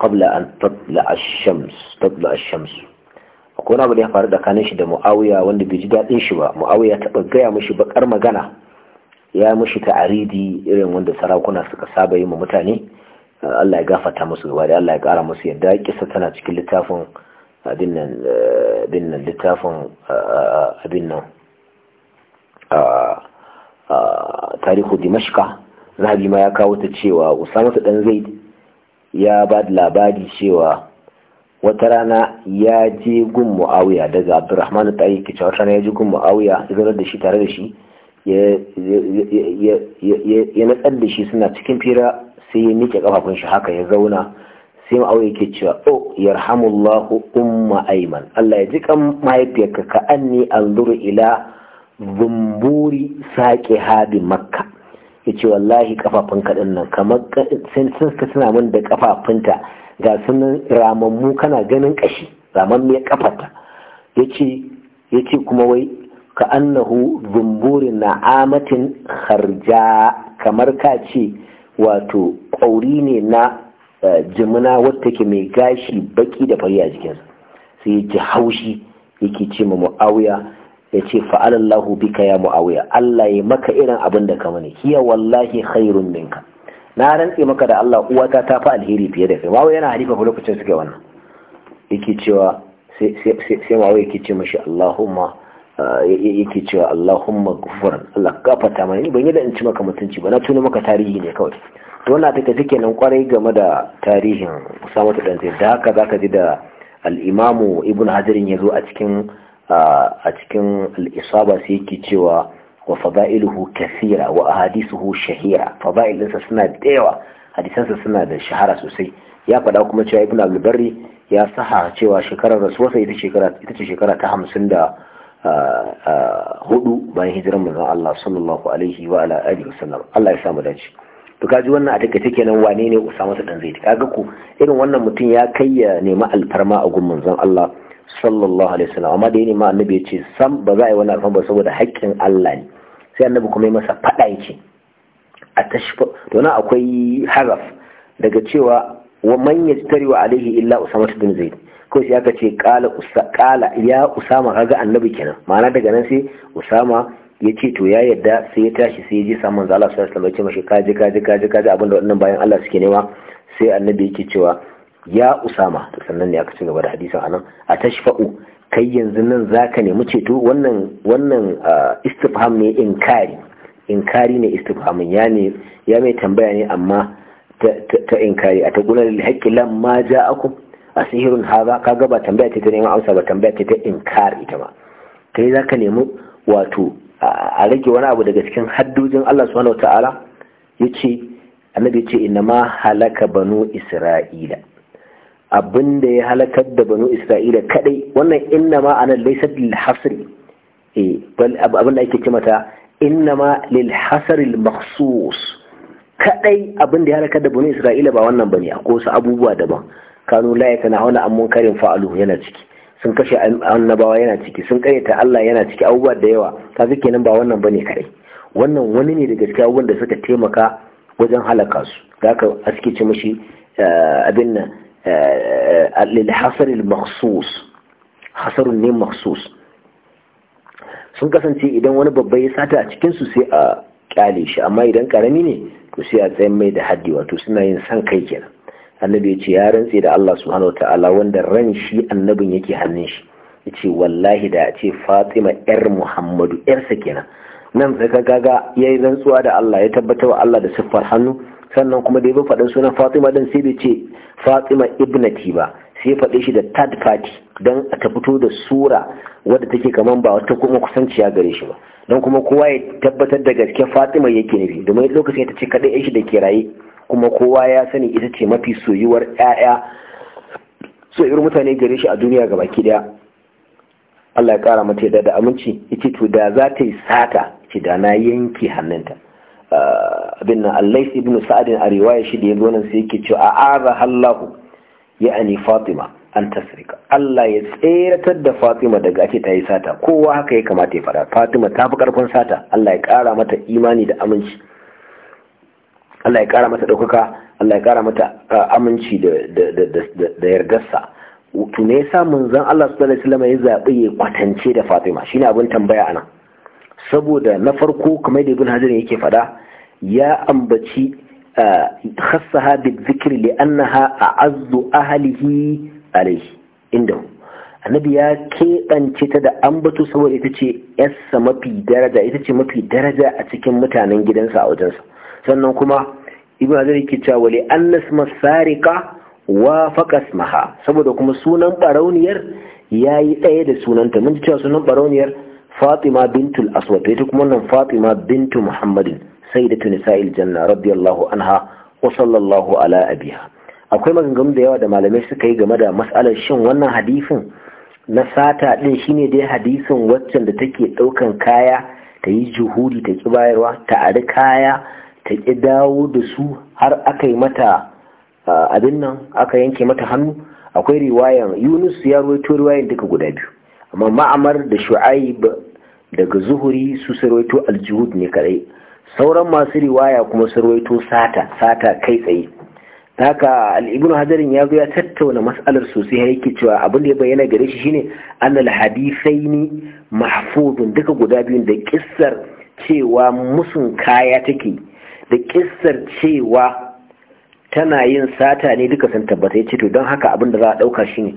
qabla an tadla ash-shams tadla ash-shams akwai wani abu ya faru da kanin shi da muawiya wanda bai ji dadin shi ba muawiya ta gaya mishi bakar magana ya mushi ta'aridi irin wanda sarakuna suka saba yi ma mutane Allah ya gafata musu gaba da Allah ya kara musu yadda kisa tana cikin littafin abin nan littafin abin nan tarihu dimashka zahabi ma ya kawo ta cewa usama ta dan zaid ya ba da labari cewa wata rana ya je gun mu'awiya daga abdurrahman ta yi kicewa rana ya je gun mu'awiya ya da shi tare da shi ya natsar da shi suna cikin fira sai ya miƙe kafafun shi haka ya zauna sai ma'au yake cewa o yarhamullahu umma aiman Allah ya ji kan mahaifiyarka ka anni anzuru ila zumburi sake habin makka ya ce wallahi kafafun kaɗin nan kamar sun suna min da kafafunta ga sunan ramammu kana ganin ƙashi ramammiyar kafarta ya ce kuma wai ka annahu zumburi na amatin harja kamar ka ce wato ƙauri ne na eh, jimina wata ke mai gashi baki da fari a jikinsa sai ya ji haushi yake ce ma mu'awiya ya ce fa'alallahu bika ya mu'awiya Allah ya maka irin abin da ka mani hiya wallahi khairun ninka na rantse maka da Allah uwata ta fi alheri fiye da kai mawa yana halifa fa lokacin suke wannan yake cewa sai mawa yake ce mashi Allahumma yake cewa Allahumma gufran Allah gafarta mana ni ban yi da in ci maka mutunci ba na tuna maka tarihi ne kawai to wannan take take nan kwarai game da tarihin Usama dan Zaid da haka zaka ji da al-Imam Ibn Hajar ya zo a cikin a cikin al-Isaba sai yake cewa wa fada'iluhu kathira wa ahadithuhu shahira fada'il suna da yawa hadisansa suna da shahara sosai ya faɗa kuma cewa Ibn Abdul Barri ya saha cewa shekarar rasuwarsa ita shekara ita ce shekara ta 50 da hudu bayan hijirar manzon Allah sallallahu alaihi wa ala alihi wasallam Allah ya samu dace to kaji wannan a take take nan wane ne Usama ta dan Zaid kaga ko irin wannan mutum ya kai ya nemi alfarma a gun manzon Allah sallallahu alaihi wasallam amma da ya ma annabi ya ce sam ba za a yi wannan alfarma ba saboda haƙƙin Allah ne sai annabi kuma ya masa fada yake a tashfa to na akwai haraf daga cewa wa man yastari wa alaihi illa Usama ta dan Zaid ko sai aka ce kala kala ya usama kaga annabi kenan ma'ana daga nan sai usama ya ce to ya yadda sai ya tashi sai ya je samun zala Allah sallallahu alaihi wasallam ya ce kaji kaji kaji kaji abinda wannan bayan Allah suke nema sai annabi yake cewa ya usama to sannan ne aka ci gaba da hadisin anan a tashfa'u kai yanzu nan zaka nemi ceto wannan wannan istifham ne inkari inkari ne istifhamin ya ne ya mai tambaya ne amma ta inkari a ta gunar haƙƙi lamma ja'akum a sihirin haza ka gaba tambaya ta neman amsa ba tambaya ta ta inkar ita ma kai za ka nemi wato a rage wani abu daga cikin haddojin Allah subhanahu wataala ya ce annabi ce inna ma halaka banu isra'ila abin da ya halakar da banu isra'ila kadai wannan inna ma anan laysa lil hasr eh bal abin da ake ce mata inna ma lil hasr al makhsus kadai abin da ya halakar da banu isra'ila ba wannan bane akwai wasu abubuwa daban kanu la yatanahuna an karin fa'alu yana ciki sun kashe annabawa yana ciki sun karyata Allah yana ciki abubuwa da yawa ta kenan ba wannan bane kare. wannan wani ne daga cikin abubuwan da suka taimaka wajen halaka su da aka aske ci mashi eh, abin nan eh, eh, lil hasar al makhsus hasarun ne makhsus sun kasance idan wani babba ya sata a cikin su sai a kyale shi amma idan karami ne to sai a tsayin mai da haddi wato suna yin san kai kenan annabi ya ce ya rantse da Allah subhanahu ta'ala wanda ran shi annabin yake hannun shi ya ce wallahi da ce fatima yar muhammadu yarsa kenan nan daga gaga ya yi rantsuwa da Allah ya tabbatar wa Allah da siffar hannu sannan kuma da ya faɗin sunan fatima din sai da ce fatima ibnati ba sai ya faɗe shi da third party don ta fito da sura wadda take kaman ba wata kuma kusanciya gare shi ba don kuma kowa ya tabbatar da gaske fatima yake nufi domin lokacin ta ce kaɗai shi da ke raye kuma kowa ya sani ita ce mafi soyuwar ƴaƴa irin mutane gare shi a duniya ga baki daya Allah ya kara mata yadda da aminci yace to da za ta yi sata ce da na yanke hannunta ah, abin nan Allah ibn Sa'ad a riwaya shi da yanzu nan sai yake cewa a Allah ya'ani Fatima an tasrika Allah ya tseratar da Fatima daga ake ta yi sata kowa haka ya kamata ya fara Fatima ta fi karfin sata Allah ya kara mata imani da aminci Allah ya kara mata ɗaukaka Allah ya kara mata uh, aminci da yardarsa to ne yasa manzon Allah sallallahu alaihi wasallam ya zabi ya kwatance da Fatima shine abin tambaya anan saboda na farko kamar da Ibn Hajar yake fada ya ambaci uh, khassaha dhikr li annaha a'azzu ahlihi alaihi inda annabi ya keɓance ta da ambato saboda ita ce yarsa mafi daraja ita ce mafi daraja a cikin mutanen gidansa a wajensa sannan kuma ibn azari ke cewa wali annas masarika wa faqas maha saboda kuma sunan barauniyar yayi ɗaya da sunanta mun ji cewa sunan barauniyar Fatima bintul Aswad ita kuma wannan Fatima bintu Muhammadin sayyidatu nisa'il janna radiyallahu anha wa sallallahu ala abiha akwai maganganu da yawa da malamai suka yi game da mas'alar shin wannan hadisin na sata din shine dai hadisin waccan da take daukan kaya ta yi juhudi ta ki bayarwa ta ari kaya ta ƙi dawo da su har aka yi mata abin nan aka yanke mata hannu akwai riwayan yunus ya ruwaito riwayan duka guda biyu amma ma'amar da shu'ayi daga zuhuri su sarwaito aljihud ne kadai sauran masu riwaya kuma sarwaito sata sata kai tsaye haka al'ibin hadarin ya zo ya tattauna matsalar sosai ya yake cewa abin da ya bayyana gare shi shine alhadisai ni mahfudun duka guda biyun da kissar cewa musun kaya take da kissar cewa tana yin sata ne duka sun tabbata ce to don haka abin da za a shi ne.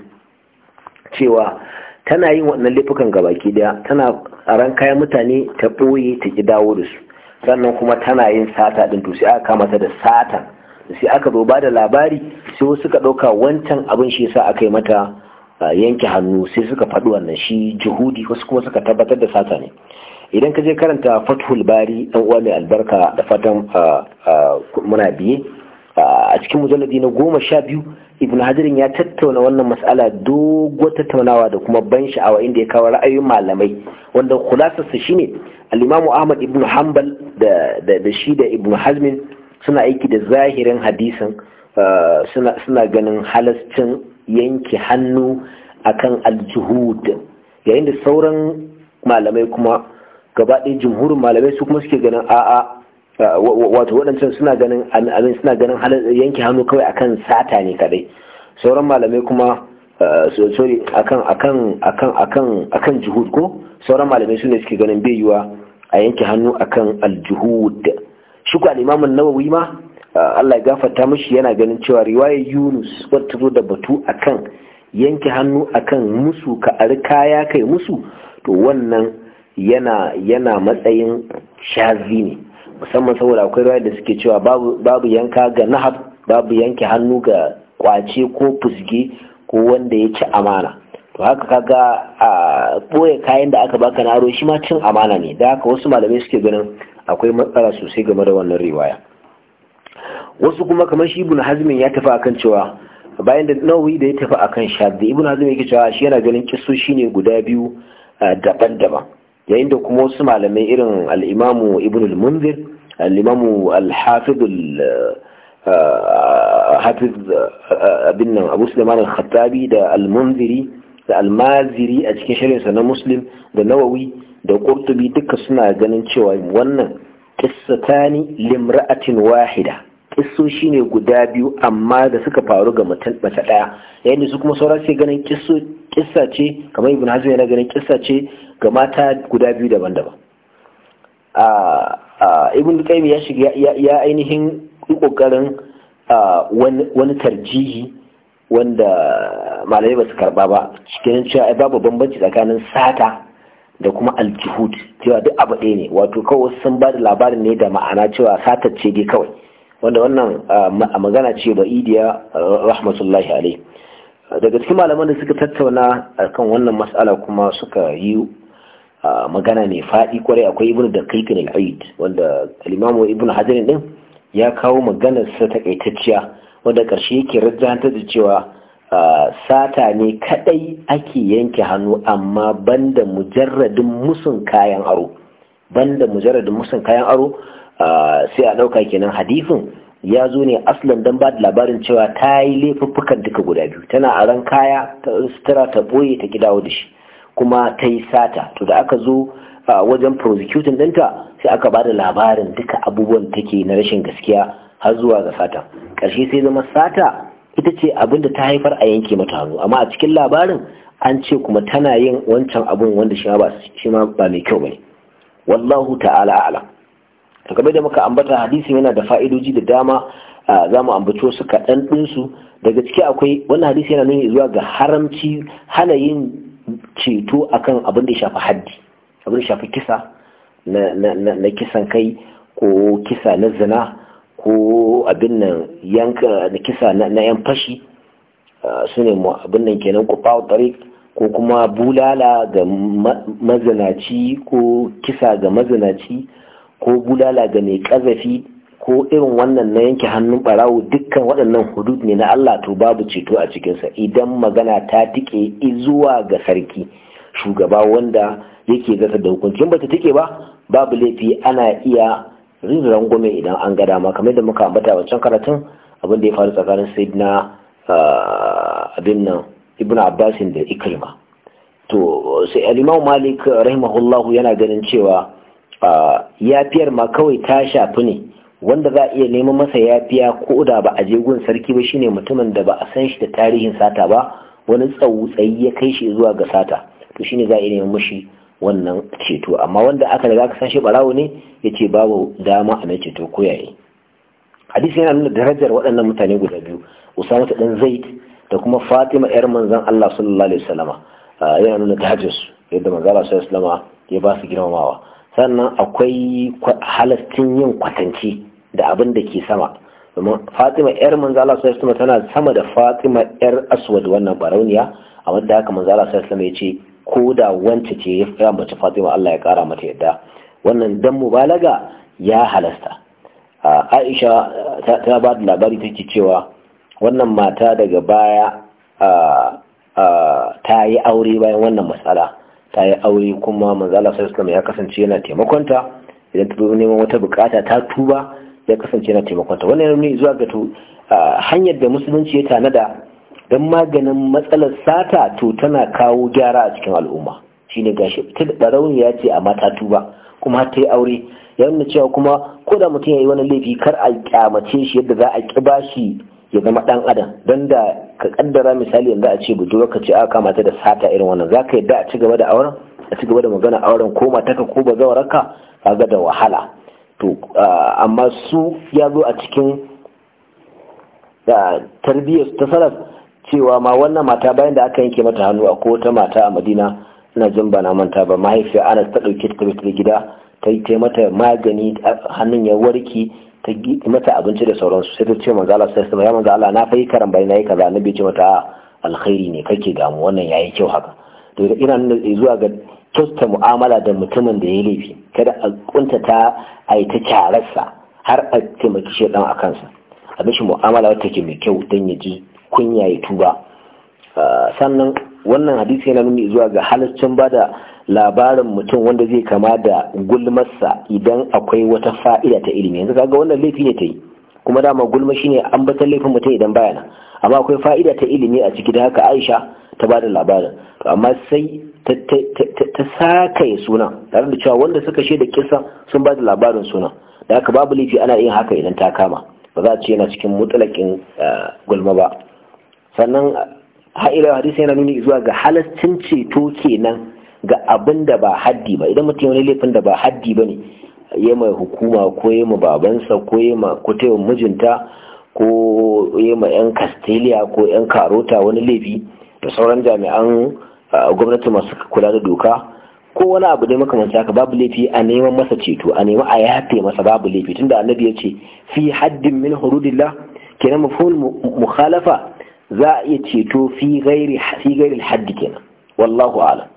cewa tana yin wannan laifukan baki daya tana ran kayan mutane ta ɓoye ta ƙi dawo da su sannan kuma tana yin sata ɗin to sai aka kama ta da sata sai aka zo ba da labari sai wasu suka ɗauka wancan abin shi yasa aka yi mata yanke hannu sai suka faɗi wannan shi juhudi wasu kuma suka tabbatar da sata ne idan ka je karanta fathul bari dan uwa mai albarka da fatan muna biye a cikin mujalladi na goma sha biyu ibn hajarin ya tattauna wannan mas'ala dogo tattaunawa da kuma ban sha'awa inda ya kawo ra'ayoyin malamai wanda kulasarsa shine al-imamu ahmad ibn hanbal da shi da ibn hazmin suna aiki da zahirin hadisin suna ganin halascin yanke hannu akan al-juhud yayin da sauran malamai kuma gaba ɗaya jumhurin malamai su kuma suke ganin a'a wato waɗancan suna ganin amin-amin, suna ganin yanke hannu kawai akan sata ne kadai sauran malamai kuma sorry akan akan akan akan juhud ko sauran malamai su ne suke ganin bai yiwa a yanke hannu akan aljuhud shi ko al-Imam an-Nawawi ma Allah ya gafarta mashi yana ganin cewa riwayar Yunus wata zo da batu akan yanke hannu akan musu ka ari kaya kai musu to wannan yana matsayin shazi ne musamman saboda akwai ruwa da suke cewa babu yanka ga nahab babu yanke hannu ga kwace ko fusge ko wanda ya ci amana to haka kaga a ɓoye kayan da aka baka na aro shi ma cin amana ne da haka wasu malamai suke ganin akwai matsala sosai game da wannan riwaya wasu kuma kamar shi ibn hazmin ya tafi akan cewa bayan da nawawi da ya tafi akan shaddi ibn hazmin yake cewa shi yana ganin kisso ne guda biyu daban-daban yayin da kuma wasu malamai irin al'imamu ibn al-munzir al'imamu al-hafiz uh, uh, hafiz uh, abin nan abu suleiman al-khattabi da al-munziri da al-maziri a cikin shirinsa na muslim da nawawi da qurtubi duka suna ganin cewa wannan qissatani limra'atin wahida kissoshi ne guda biyu amma da suka faru ga mace daya yayin da su kuma sauran sai ganin kissa ce kamar ibn hazm na ganin kissa ce ga mata guda biyu daban-daban a ibn qayyim ya shiga ya ainihin kokarin wani tarjihi wanda malamai ba su karba ba cikin cewa ai babu bambanci tsakanin sata da kuma aljihud cewa duk abu ɗaya ne wato kawai sun ba da labarin ne da ma'ana cewa satar ce dai kawai wanda wannan magana ce ba idiya rahmatullahi alaihi daga cikin malaman da suka tattauna a kan wannan matsala kuma suka yi magana mai faɗi kwarai akwai ibn da kaikin al'aid wanda alimamu ibn hajjarin ɗin ya kawo maganarsa takaitacciya wanda ƙarshe yake rajjantar da cewa sata ne kaɗai ake yanke hannu amma banda mujarradin musun kayan aro banda mujarradin musun kayan aro sai a ɗauka kenan hadifin ya zo ne aslan don ba da labarin cewa ta yi laifuffukan duka guda biyu tana a ran kaya ta sutura ta boye ta gida da shi kuma ta yi sata to da aka zo a wajen prosecuting dinta sai aka ba da labarin duka abubuwan take na rashin gaskiya har zuwa ga sata ƙarshe sai zama sata ita ce abin da ta haifar a yanke mata hannu amma a cikin labarin an ce kuma tana yin wancan abun wanda shi ma ba mai kyau ba ne wallahu ta'ala a'lam to da muka ambata hadisin yana da fa'idoji da dama za mu ambato wasu kaɗan ɗinsu daga ciki akwai wannan hadisi yana nuni zuwa ga haramci hana yin ceto akan abin da ya shafi haddi abin da ya shafi kisa na kisan kai ko kisa na zina ko abin nan yanka na kisa na yan fashi su ne abin nan kenan kufawa tariq ko kuma bulala ga mazinaci ko kisa ga mazinaci ko bulala ga mai ƙazafi ko irin wannan na yanke hannun ɓarawo dukkan waɗannan hudud ne na Allah to babu ceto a cikinsa idan magana ta tike zuwa ga sarki shugaba wanda yake zata da hukunci, ba ta tike ba babu laifi ana iya rin rangume idan an ga dama kamar da muka ambata wancan karatun abin da ya faru tsakanin sayyidina ah, abin nan ibnu abbasin da ikrima to sai al-imam malik rahimahullahu yana ganin cewa yafiyar ma kawai ta shafi ne wanda za a iya neman masa yafiya ko da ba a je gun sarki ba shine mutumin da ba a san shi da tarihin sata ba wani tsawo-tsayi ya kai shi zuwa ga sata to shine za a iya neman mashi wannan ceto amma wanda aka riga aka san shi barawo ne yace babu dama a mai ceto ko yayi hadisi yana nuna darajar waɗannan mutane guda biyu usama ta dan zaid da kuma fatima yar manzon Allah sallallahu alaihi wasallama yana nuna darajar su yadda manzon Allah sallallahu alaihi wasallama ya ba su girmamawa sannan akwai halastin yin kwatanci da abin da ke sama domin fatima yar manzala sallallahu tana sama da fatima yar aswad wannan barauniya a wanda haka manzala sallallahu ya ce ko da wance ce ya fara mace fatima Allah ya kara mata yadda wannan dan mubalaga ya halasta aisha ta ba da labari take cewa wannan mata daga baya ta yi aure bayan wannan matsala ta yi aure kuma manzala sallallahu ya kasance yana taimakonta idan ta neman wata bukata ta tuba ya kasance yana taimakonta wannan ya nuni zuwa ga to hanyar da musulunci ya tanada don maganin matsalar sata to tana kawo gyara a cikin al'umma shine gashi ta barauni ya ce amma ta tuba kuma ta yi aure ya nuna cewa kuma ko da mutum ya yi wani laifi kar a kyamace shi yadda za a ƙi bashi ya zama dan adam don da ka kaddara misali yanzu a ce budurwa ka ce aka kamata da sata irin wannan za ka yadda a ci gaba da auren a ci gaba da magana auren ko ka ko ba ka kaga da wahala to amma su ya zo a cikin tarbiyyar ta salaf cewa ma wannan mata bayan da aka yanke mata hannu a ko wata mata a madina ina jin ba na manta ba mahaifiya ana ta ɗauke ta gida ta yi mata magani hannun ya warke ta gidi mata abinci da sauransu sai ta ce manzo Allah sai ya manzo Allah na fayi karan bai nayi kaza annabi ce mata alkhairi ne kake damu wannan yayi kyau haka to ina zuwa ga kyauta mu'amala da mutumin da ya laifi kada a kuntata a yi ta kyararsa har a taimaki shi dan akan sa a mishi mu'amala wata ke mai kyau dan ya ji kunya ya tuba ah, sannan wannan hadisi yana nuni zuwa ga halaccin bada labarin mutum wanda zai kama da gulmarsa idan akwai wata fa'ida ta ilimi yanzu kaga wannan laifi ne ta yi kuma dama gulma shine ambatan laifin mutum idan bayana amma akwai fa'ida ta ilimi a ciki da haka aisha ta ba da labarin amma sai ta sakaye suna tare da cewa wanda suka da kisa sun ba da labarin suna da haka babu laifi ana yin haka idan ta kama ba za a ce yana cikin mutalakin eh, gulma ba sannan ha'ila hadisi yana nuni zuwa ga halascin ceto kenan ga abin da ba haddi ba idan mutum wani laifin da ba haddi ba ne ya mai hukuma ko ya ma babansa ko ya ma kutewar mijinta ko ya ma 'yan Kastiliya ko 'yan karota wani laifi da sauran jami'an gwamnati masu kula da doka ko wani abu ne makamanci haka babu laifi a neman masa ceto a neman a yafe masa babu laifi tunda annabi ya ce fi haddin min hurudillah kenan mafhumul mukhalafa za a iya ceto fi ghairi haddi kenan wallahu a'lam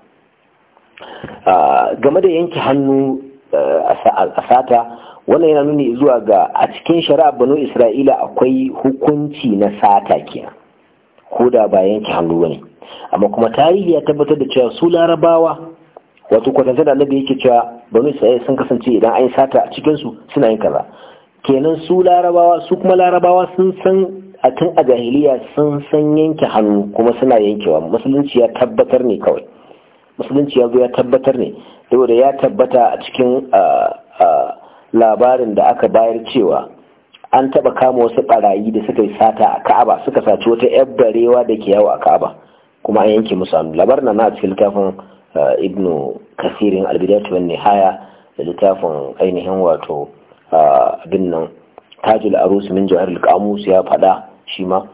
game da yanke hannu a sata wannan yana nuni zuwa ga a cikin shari'a banu isra'ila akwai hukunci na sata kenan ko da ba yanke hannu ba ne amma kuma tarihi ya tabbatar da cewa su larabawa wato kwatanta da da yake cewa banu isra'ila sun kasance idan an yi sata a cikin su suna yin kaza kenan su larabawa su kuma larabawa sun san a tun a jahiliya sun san yanke hannu kuma suna yankewa musulunci ya tabbatar ne kawai musulunci ya zo ya tabbatar ne saboda ya tabbata a cikin labarin da aka bayar cewa an taba kama wasu barayi da suka yi sata a ka'aba suka saci wata yar barewa da ke yawo a ka'aba kuma an yanke musu hannu labar na cikin littafin ibnu kasirin albidatu ne haya da littafin ainihin wato abin nan tajul rusu min jawhar al su ya faɗa shi ma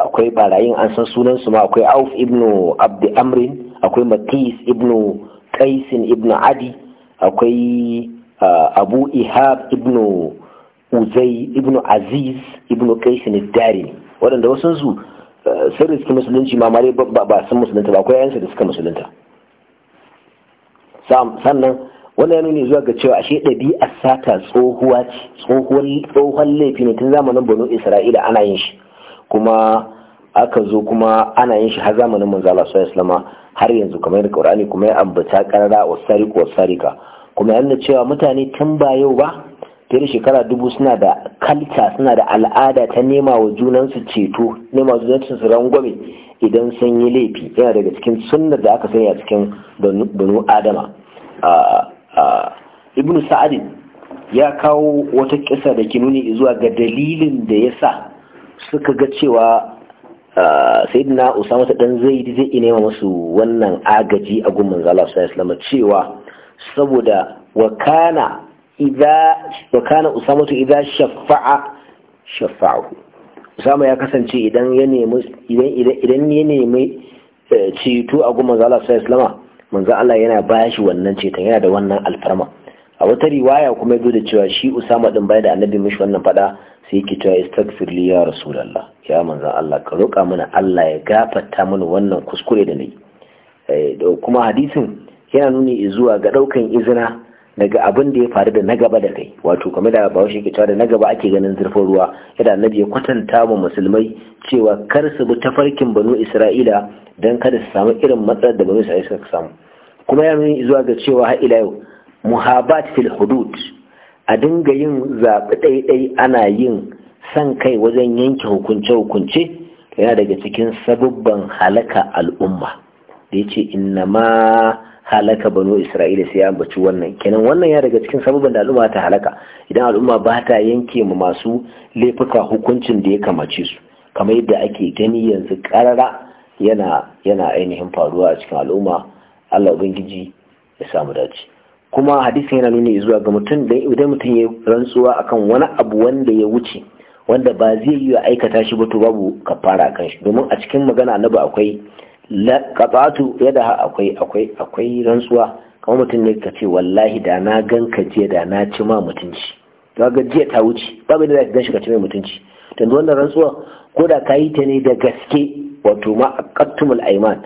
akwai barayin an san sunansu ma akwai auf ibnu abdi amrin akwai matis ibnu Kaisin ibnu adi akwai uh, abu ihab ibnu uzai ibnu aziz ibnu kaisin dari waɗanda wasu su uh, sun riski musulunci ma mare ba sun musulunta ba akwai yansu da suka musulunta sannan wannan ya nuni zuwa ga cewa ashe ɗabi'ar sata tsohuwa ce tsohon laifi ne tun zamanin banu isra'ila ana yin shi kuma aka zo kuma ana yin shi har zamanin manzo Allah sallallahu har yanzu kamar da Qur'ani kuma ya ambata karara wa sariqu wa sarika kuma yana cewa mutane tun ba yau ba fiye da shekara dubu suna da kalta suna da al'ada ta nema wa junansu ceto nema wa junansu su rangwame idan sun yi laifi yana daga cikin sunnar da aka sani a cikin banu adama ibnu sa'adin ya kawo wata kisa da ke nuni zuwa ga dalilin da ya sa suka ga cewa sayyidina usama ta dan yi zai nema musu wannan agaji a gun manzo Allah sallallahu alaihi cewa saboda wa kana idza wa kana usama idza shafa'a shafa'u. usama ya kasance idan ya nemi idan idan ya nemi eh, ceto a gun manzo Allah sallallahu alaihi manzo Allah yana shi wannan ceton yana da wannan alfarma a wata riwaya kuma ya zo da cewa shi usama din bai da annabi mishi wannan fada sai ki ta istagfir li ya rasulullah ya manzon Allah ka roƙa mana Allah ya gafarta mana wannan kuskure da nayi eh, da kuma hadisin yana nuni zuwa ga daukan izina daga abin da ya faru da na gaba da kai wato kamar da shi ke da na gaba ake ganin zurfin ruwa yadda annabi ya kwatanta wa musulmai cewa kar su bi tafarkin banu isra'ila dan kada su samu irin matsalar da banu isra'ila suka samu kuma yana nuni zuwa ga cewa har ila yau muhabat fil hudud a dinga yin zaɓi ɗaiɗai ana yin san kai wajen yanke hukunce-hukunce yana daga cikin sabubban halaka al'umma da ya ce inna ma halaka banu isra'ila sai ya ambaci wannan kenan wannan ya daga cikin sabubban da al'umma ta halaka idan al'umma ba ta yanke ma masu laifuka hukuncin da ya kamace su kamar yadda ake gani yanzu karara yana yana ainihin faruwa a cikin al'umma Allah ubangiji ya samu dace kuma hadisin yana nuni zuwa ga mutum dan idan mutum ya rantsuwa akan wani abu wanda ya wuce wanda ba zai yi wa aikata shi ba to babu kafara kan shi domin a cikin magana annabi akwai katsatu ya da akwai akwai rantsuwa kamar mutum ne ka ce wallahi da na gan ka jiya da na ci ma mutunci to ga jiya ta wuce babu da gan shi ka ci mai mutunci to wannan rantsuwa ko da ka yi ta ne da gaske wato ma aqattumul aiman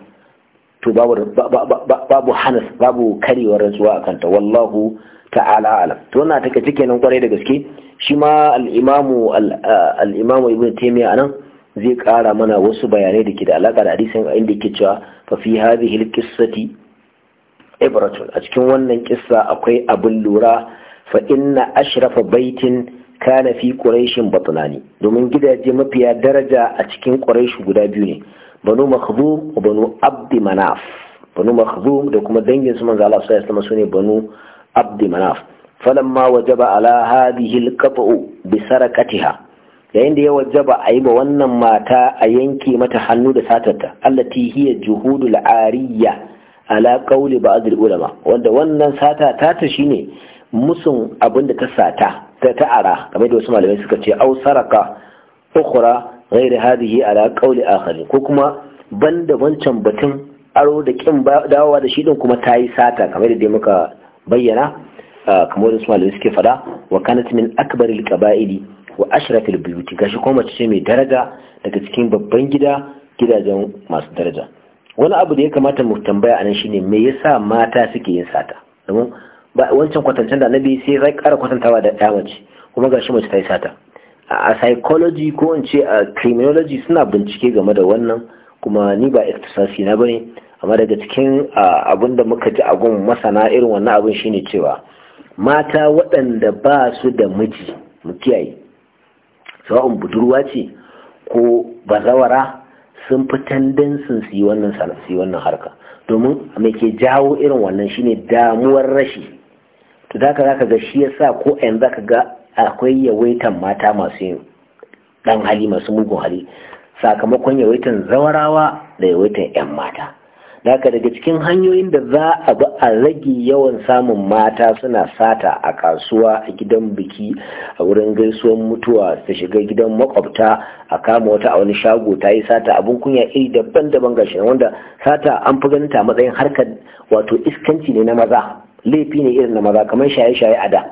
to babu hanas babu karewar rantsuwa a kanta wallahu ta'ala alam to wannan take take nan kwarai da gaske shi ma al-imamu al-imamu ibnu taymiya anan zai kara mana wasu bayanai da ke da alaka da hadisin inda yake cewa fa fi hadhihi al-qissati ibratun a cikin wannan kissa akwai abin lura fa inna ashrafa baitin kana fi quraishin batnani domin gidaje mafiya daraja a cikin quraish guda biyu ne banu makhzum wa banu abdi manaf banu makhzum da kuma dangin su manzo Allah sallallahu alaihi wasallam sune banu abdi manaf falamma wajaba ala hadhihi alqat'u bi sarakatiha yayin da ya wajaba a yi ba wannan mata a yanke mata hannu da satarta allati hiya juhudul ariya ala qawli ba'd ulama wanda wannan sata ta ta shine musun abin da ta sata ta ta'ara kamar da wasu malamai suka ce au saraka ukhra ghairi hadhihi ala qawli akhari ko kuma banda wancan batun aro da kin dawowa da shi din kuma ta yi sata kamar da dai muka bayyana kamar da Usman suke fada wa kanat min akbar wa ashraf al-buyut gashi kuma mace ce mai daraja daga cikin babban gida gidajen masu daraja wani abu da ya kamata mu tambaya anan shine me yasa mata suke yin sata domin wancan kwatancen da annabi sai ya kara kwatantawa da ɗaya mace kuma gashi mace ta yi sata a psychology ko in ce a criminology suna bincike game da wannan kuma ni ba iktisasi na bane amma daga cikin abin da muka ji agun masana irin wannan abin shine cewa mata waɗanda ba su da miji mu kiyaye sawa'un budurwa ce ko bazawara sun fi tendensin su yi wannan su wannan harka domin mai ke jawo irin wannan shine damuwar rashi to za zaka ga shi yasa ko yanzu ka ga akwai yawaitan mata masu yin dan hali masu mugun hali sakamakon yawaitan zawarawa da yawaitan 'yan mata daga daga cikin hanyoyin da za a bi a rage yawan samun mata suna sata a kasuwa a gidan biki a wurin gaisuwan mutuwa ta shiga gidan makwabta a kama wata a wani shago ta yi sata abin kunya iri daban-daban gashi wanda sata an fi ganin ta matsayin harkar wato iskanci ne na maza laifi ne irin na maza kamar shaye-shaye a da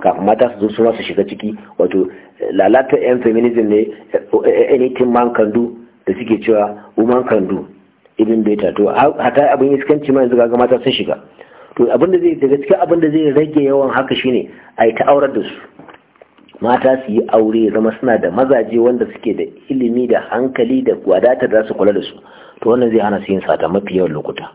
kafin mata su zo su su shiga ciki wato lalata yan feminism ne anything man can da suke cewa woman can do ibin da ya to hata abin iskanci ma yanzu ga mata sun shiga to abin da zai daga cikin abin da zai rage yawan haka shine a yi ta aurar da su mata su yi aure zama suna da mazaje wanda suke da ilimi da hankali da wadatar da su kula da su to wannan zai hana su yin sata mafi yawan lokuta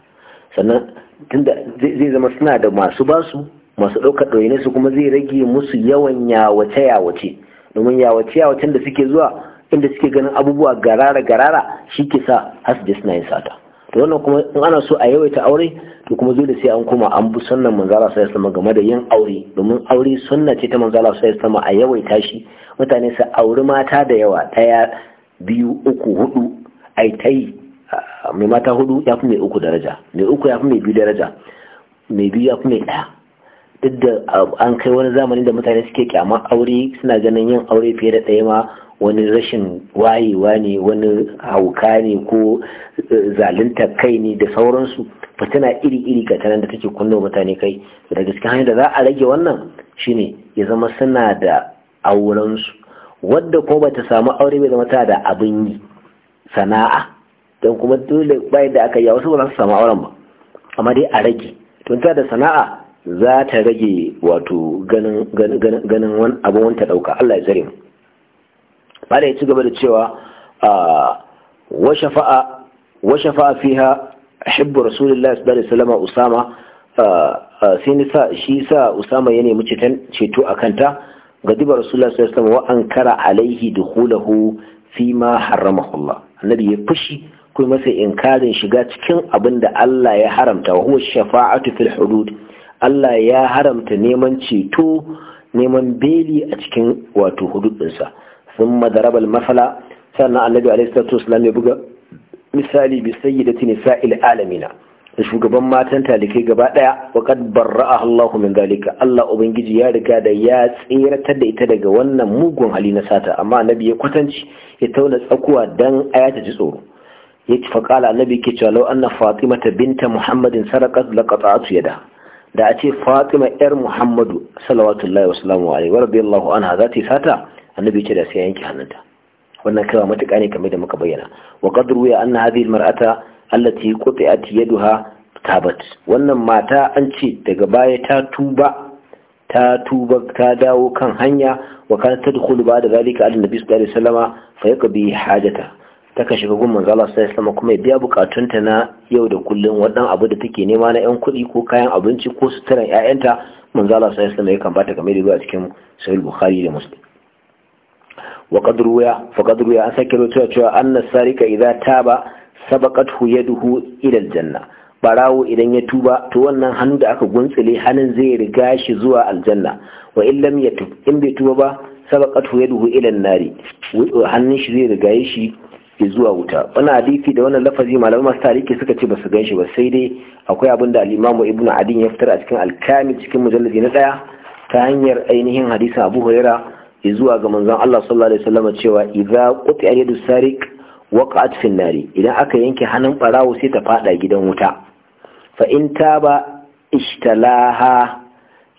sannan tunda zai zama suna da masu basu masu ɗaukar ɗoyinin su kuma zai rage musu yawan yawace yawace domin yawace yawacen da suke zuwa inda suke ganin abubuwa garara garara shi ke sa har su suna yin sata to wannan kuma in ana so a yawaita aure to kuma da sai an koma an bi sunnan manzala sai sama game da yin aure domin aure sunna ce ta manzala sai sama a yawaita shi mutane su auri mata da yawa ɗaya biyu uku hudu ai ta yi mai mata hudu ya fi mai uku daraja mai uku ya fi mai biyu daraja mai biyu ya fi mai ɗaya duk da an kai wani zamani da mutane suke kyama aure suna ganin yin aure fiye da ɗaya ma wani rashin wayewa ne wani hauka ne ko eh, zalunta kai ne da sauransu fitina iri-iri ga tanan da take kunna mutane kai da gaske hanyar da za a rage wannan shine ya zama suna da aurensu wadda ko ta samu aure bai zama tana da abin yi sana'a don kuma dole bayan da aka yi wasu ba za su samu auren ba amma dai a rage tun da sana'a za ta rage wato ganin wani abin wanta dauka Allah ya zare mu bada ya ci gaba da cewa ah, wa shafa'a wa shafa'a fiha hibbu rasulullahi sallallahu alaihi wasallam usama ah, ah, sai nisa shi sa usama ya nemi ceto a kanta ga diba rasulullah sallallahu alaihi wasallam wa ankara alaihi dukhulahu fi ma harama Allah annabi ya fushi kuma masa inkarin shiga cikin abin da Allah ya haramta wa huwa shafa'atu fil hudud Allah ya haramta neman ceto neman beli a cikin wato hududinsa sun madarabal masala sannan annabi alaihissalatu wasallam ya buga misali bi sayyidati nisa'il alamina da shugaban matan talikai gaba daya wa qad barra'aha Allahu min zalika Allah ubangiji ya riga da ya tsiratar da ita daga wannan mugun hali na sata amma annabi ya kwatanci ya tauna tsakuwa dan aya ta ji tsoro yace fa qala annabi ke cewa law anna fatimata binta muhammadin sarqat laqata'atu yada da a ce fatima yar muhammadu salawatullahi wasalamu alaihi wa radiyallahu anha za ta yi sata annabi ce da sai yanke hannunta wannan kaiwa matuƙa ne kamar da muka bayyana wa qad ruya anna hadhihi almar'ata allati quti'at yaduha tabat wannan mata an ce daga baya ta tuba ta tuba ta dawo kan hanya wa dukulu ba da zalika al-nabi sallallahu alaihi wasallama fa yaqbi hajata takan shiga gun manzala Allah sallallahu kuma ya biya bukatunta na yau da kullum wannan abu da take nema na yan kuɗi ko kayan abinci ko suturan ƴaƴanta manzala Allah sallallahu ya kan yakan bata game da a cikin sahih bukhari da muslim wa qad ruya fa qad ruya an sake rawaito cewa anna sarika idza taba sabaqathu yaduhu ila aljanna barawo idan ya tuba to wannan hannu da aka guntsile hannun zai riga shi zuwa aljanna wa in lam yatub in bai tuba ba sabaqathu yaduhu ila an-nari hannun shi zai riga shi zuwa wuta wani hadisi da wannan lafazi malamai masu tariki suka ce basu ganshi ba sai dai akwai abin da al-Imam Ibn Adin ya fitar a cikin alkami cikin mujalladi na daya ta hanyar ainihin hadisin Abu Huraira zuwa ga manzon Allah sallallahu alaihi wasallam cewa idza quti yadu sariq waqa'at fi nari idan aka yanke hannun barawo sai ta fada gidan wuta fa in taba ishtalaha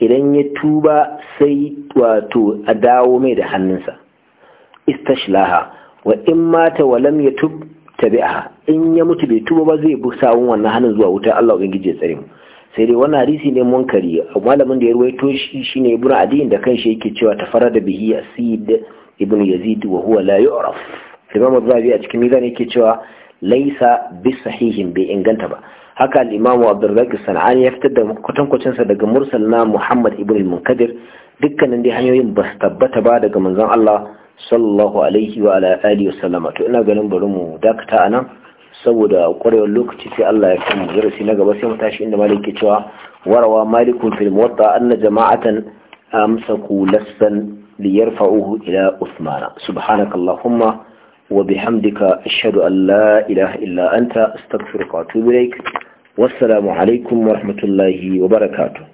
idan ya tuba sai wato a dawo mai da hannunsa istashlaha wa in mata wa lam yatub tabi'aha in ya mutu bai tuba ba zai bi sawun wannan hannun zuwa wuta Allah ubangiji ya tsare mu sai dai wannan hadisi ne munkari malamin da ya ruwaito shi shine ibn adiyin da kanshi yake cewa da bihi asid ibn yazid wa huwa la yu'raf imam zabi a cikin mizan yake cewa laisa bi sahihin bai inganta ba haka al-imam abdurrazzaq sanani ya fitar da kwatankwacin sa daga mursal na muhammad ibn al-munkadir dukkanin dai hanyoyin ba su tabbata ba daga manzon Allah sallallahu alaihi wa ala alihi wasallama to ina ganin bari mu dakata anan saboda kwarewar lokaci sai Allah ya kan darasi na gaba sai mu tashi inda malik ke cewa warawa malikun fil muwatta anna jama'atan amsaku lassan liyarfa'uhu ila usmana subhanakallahumma wa bihamdika ashhadu an la ilaha illa anta astaghfiruka wa atubu ilaik wassalamu alaikum wa rahmatullahi wa barakatuh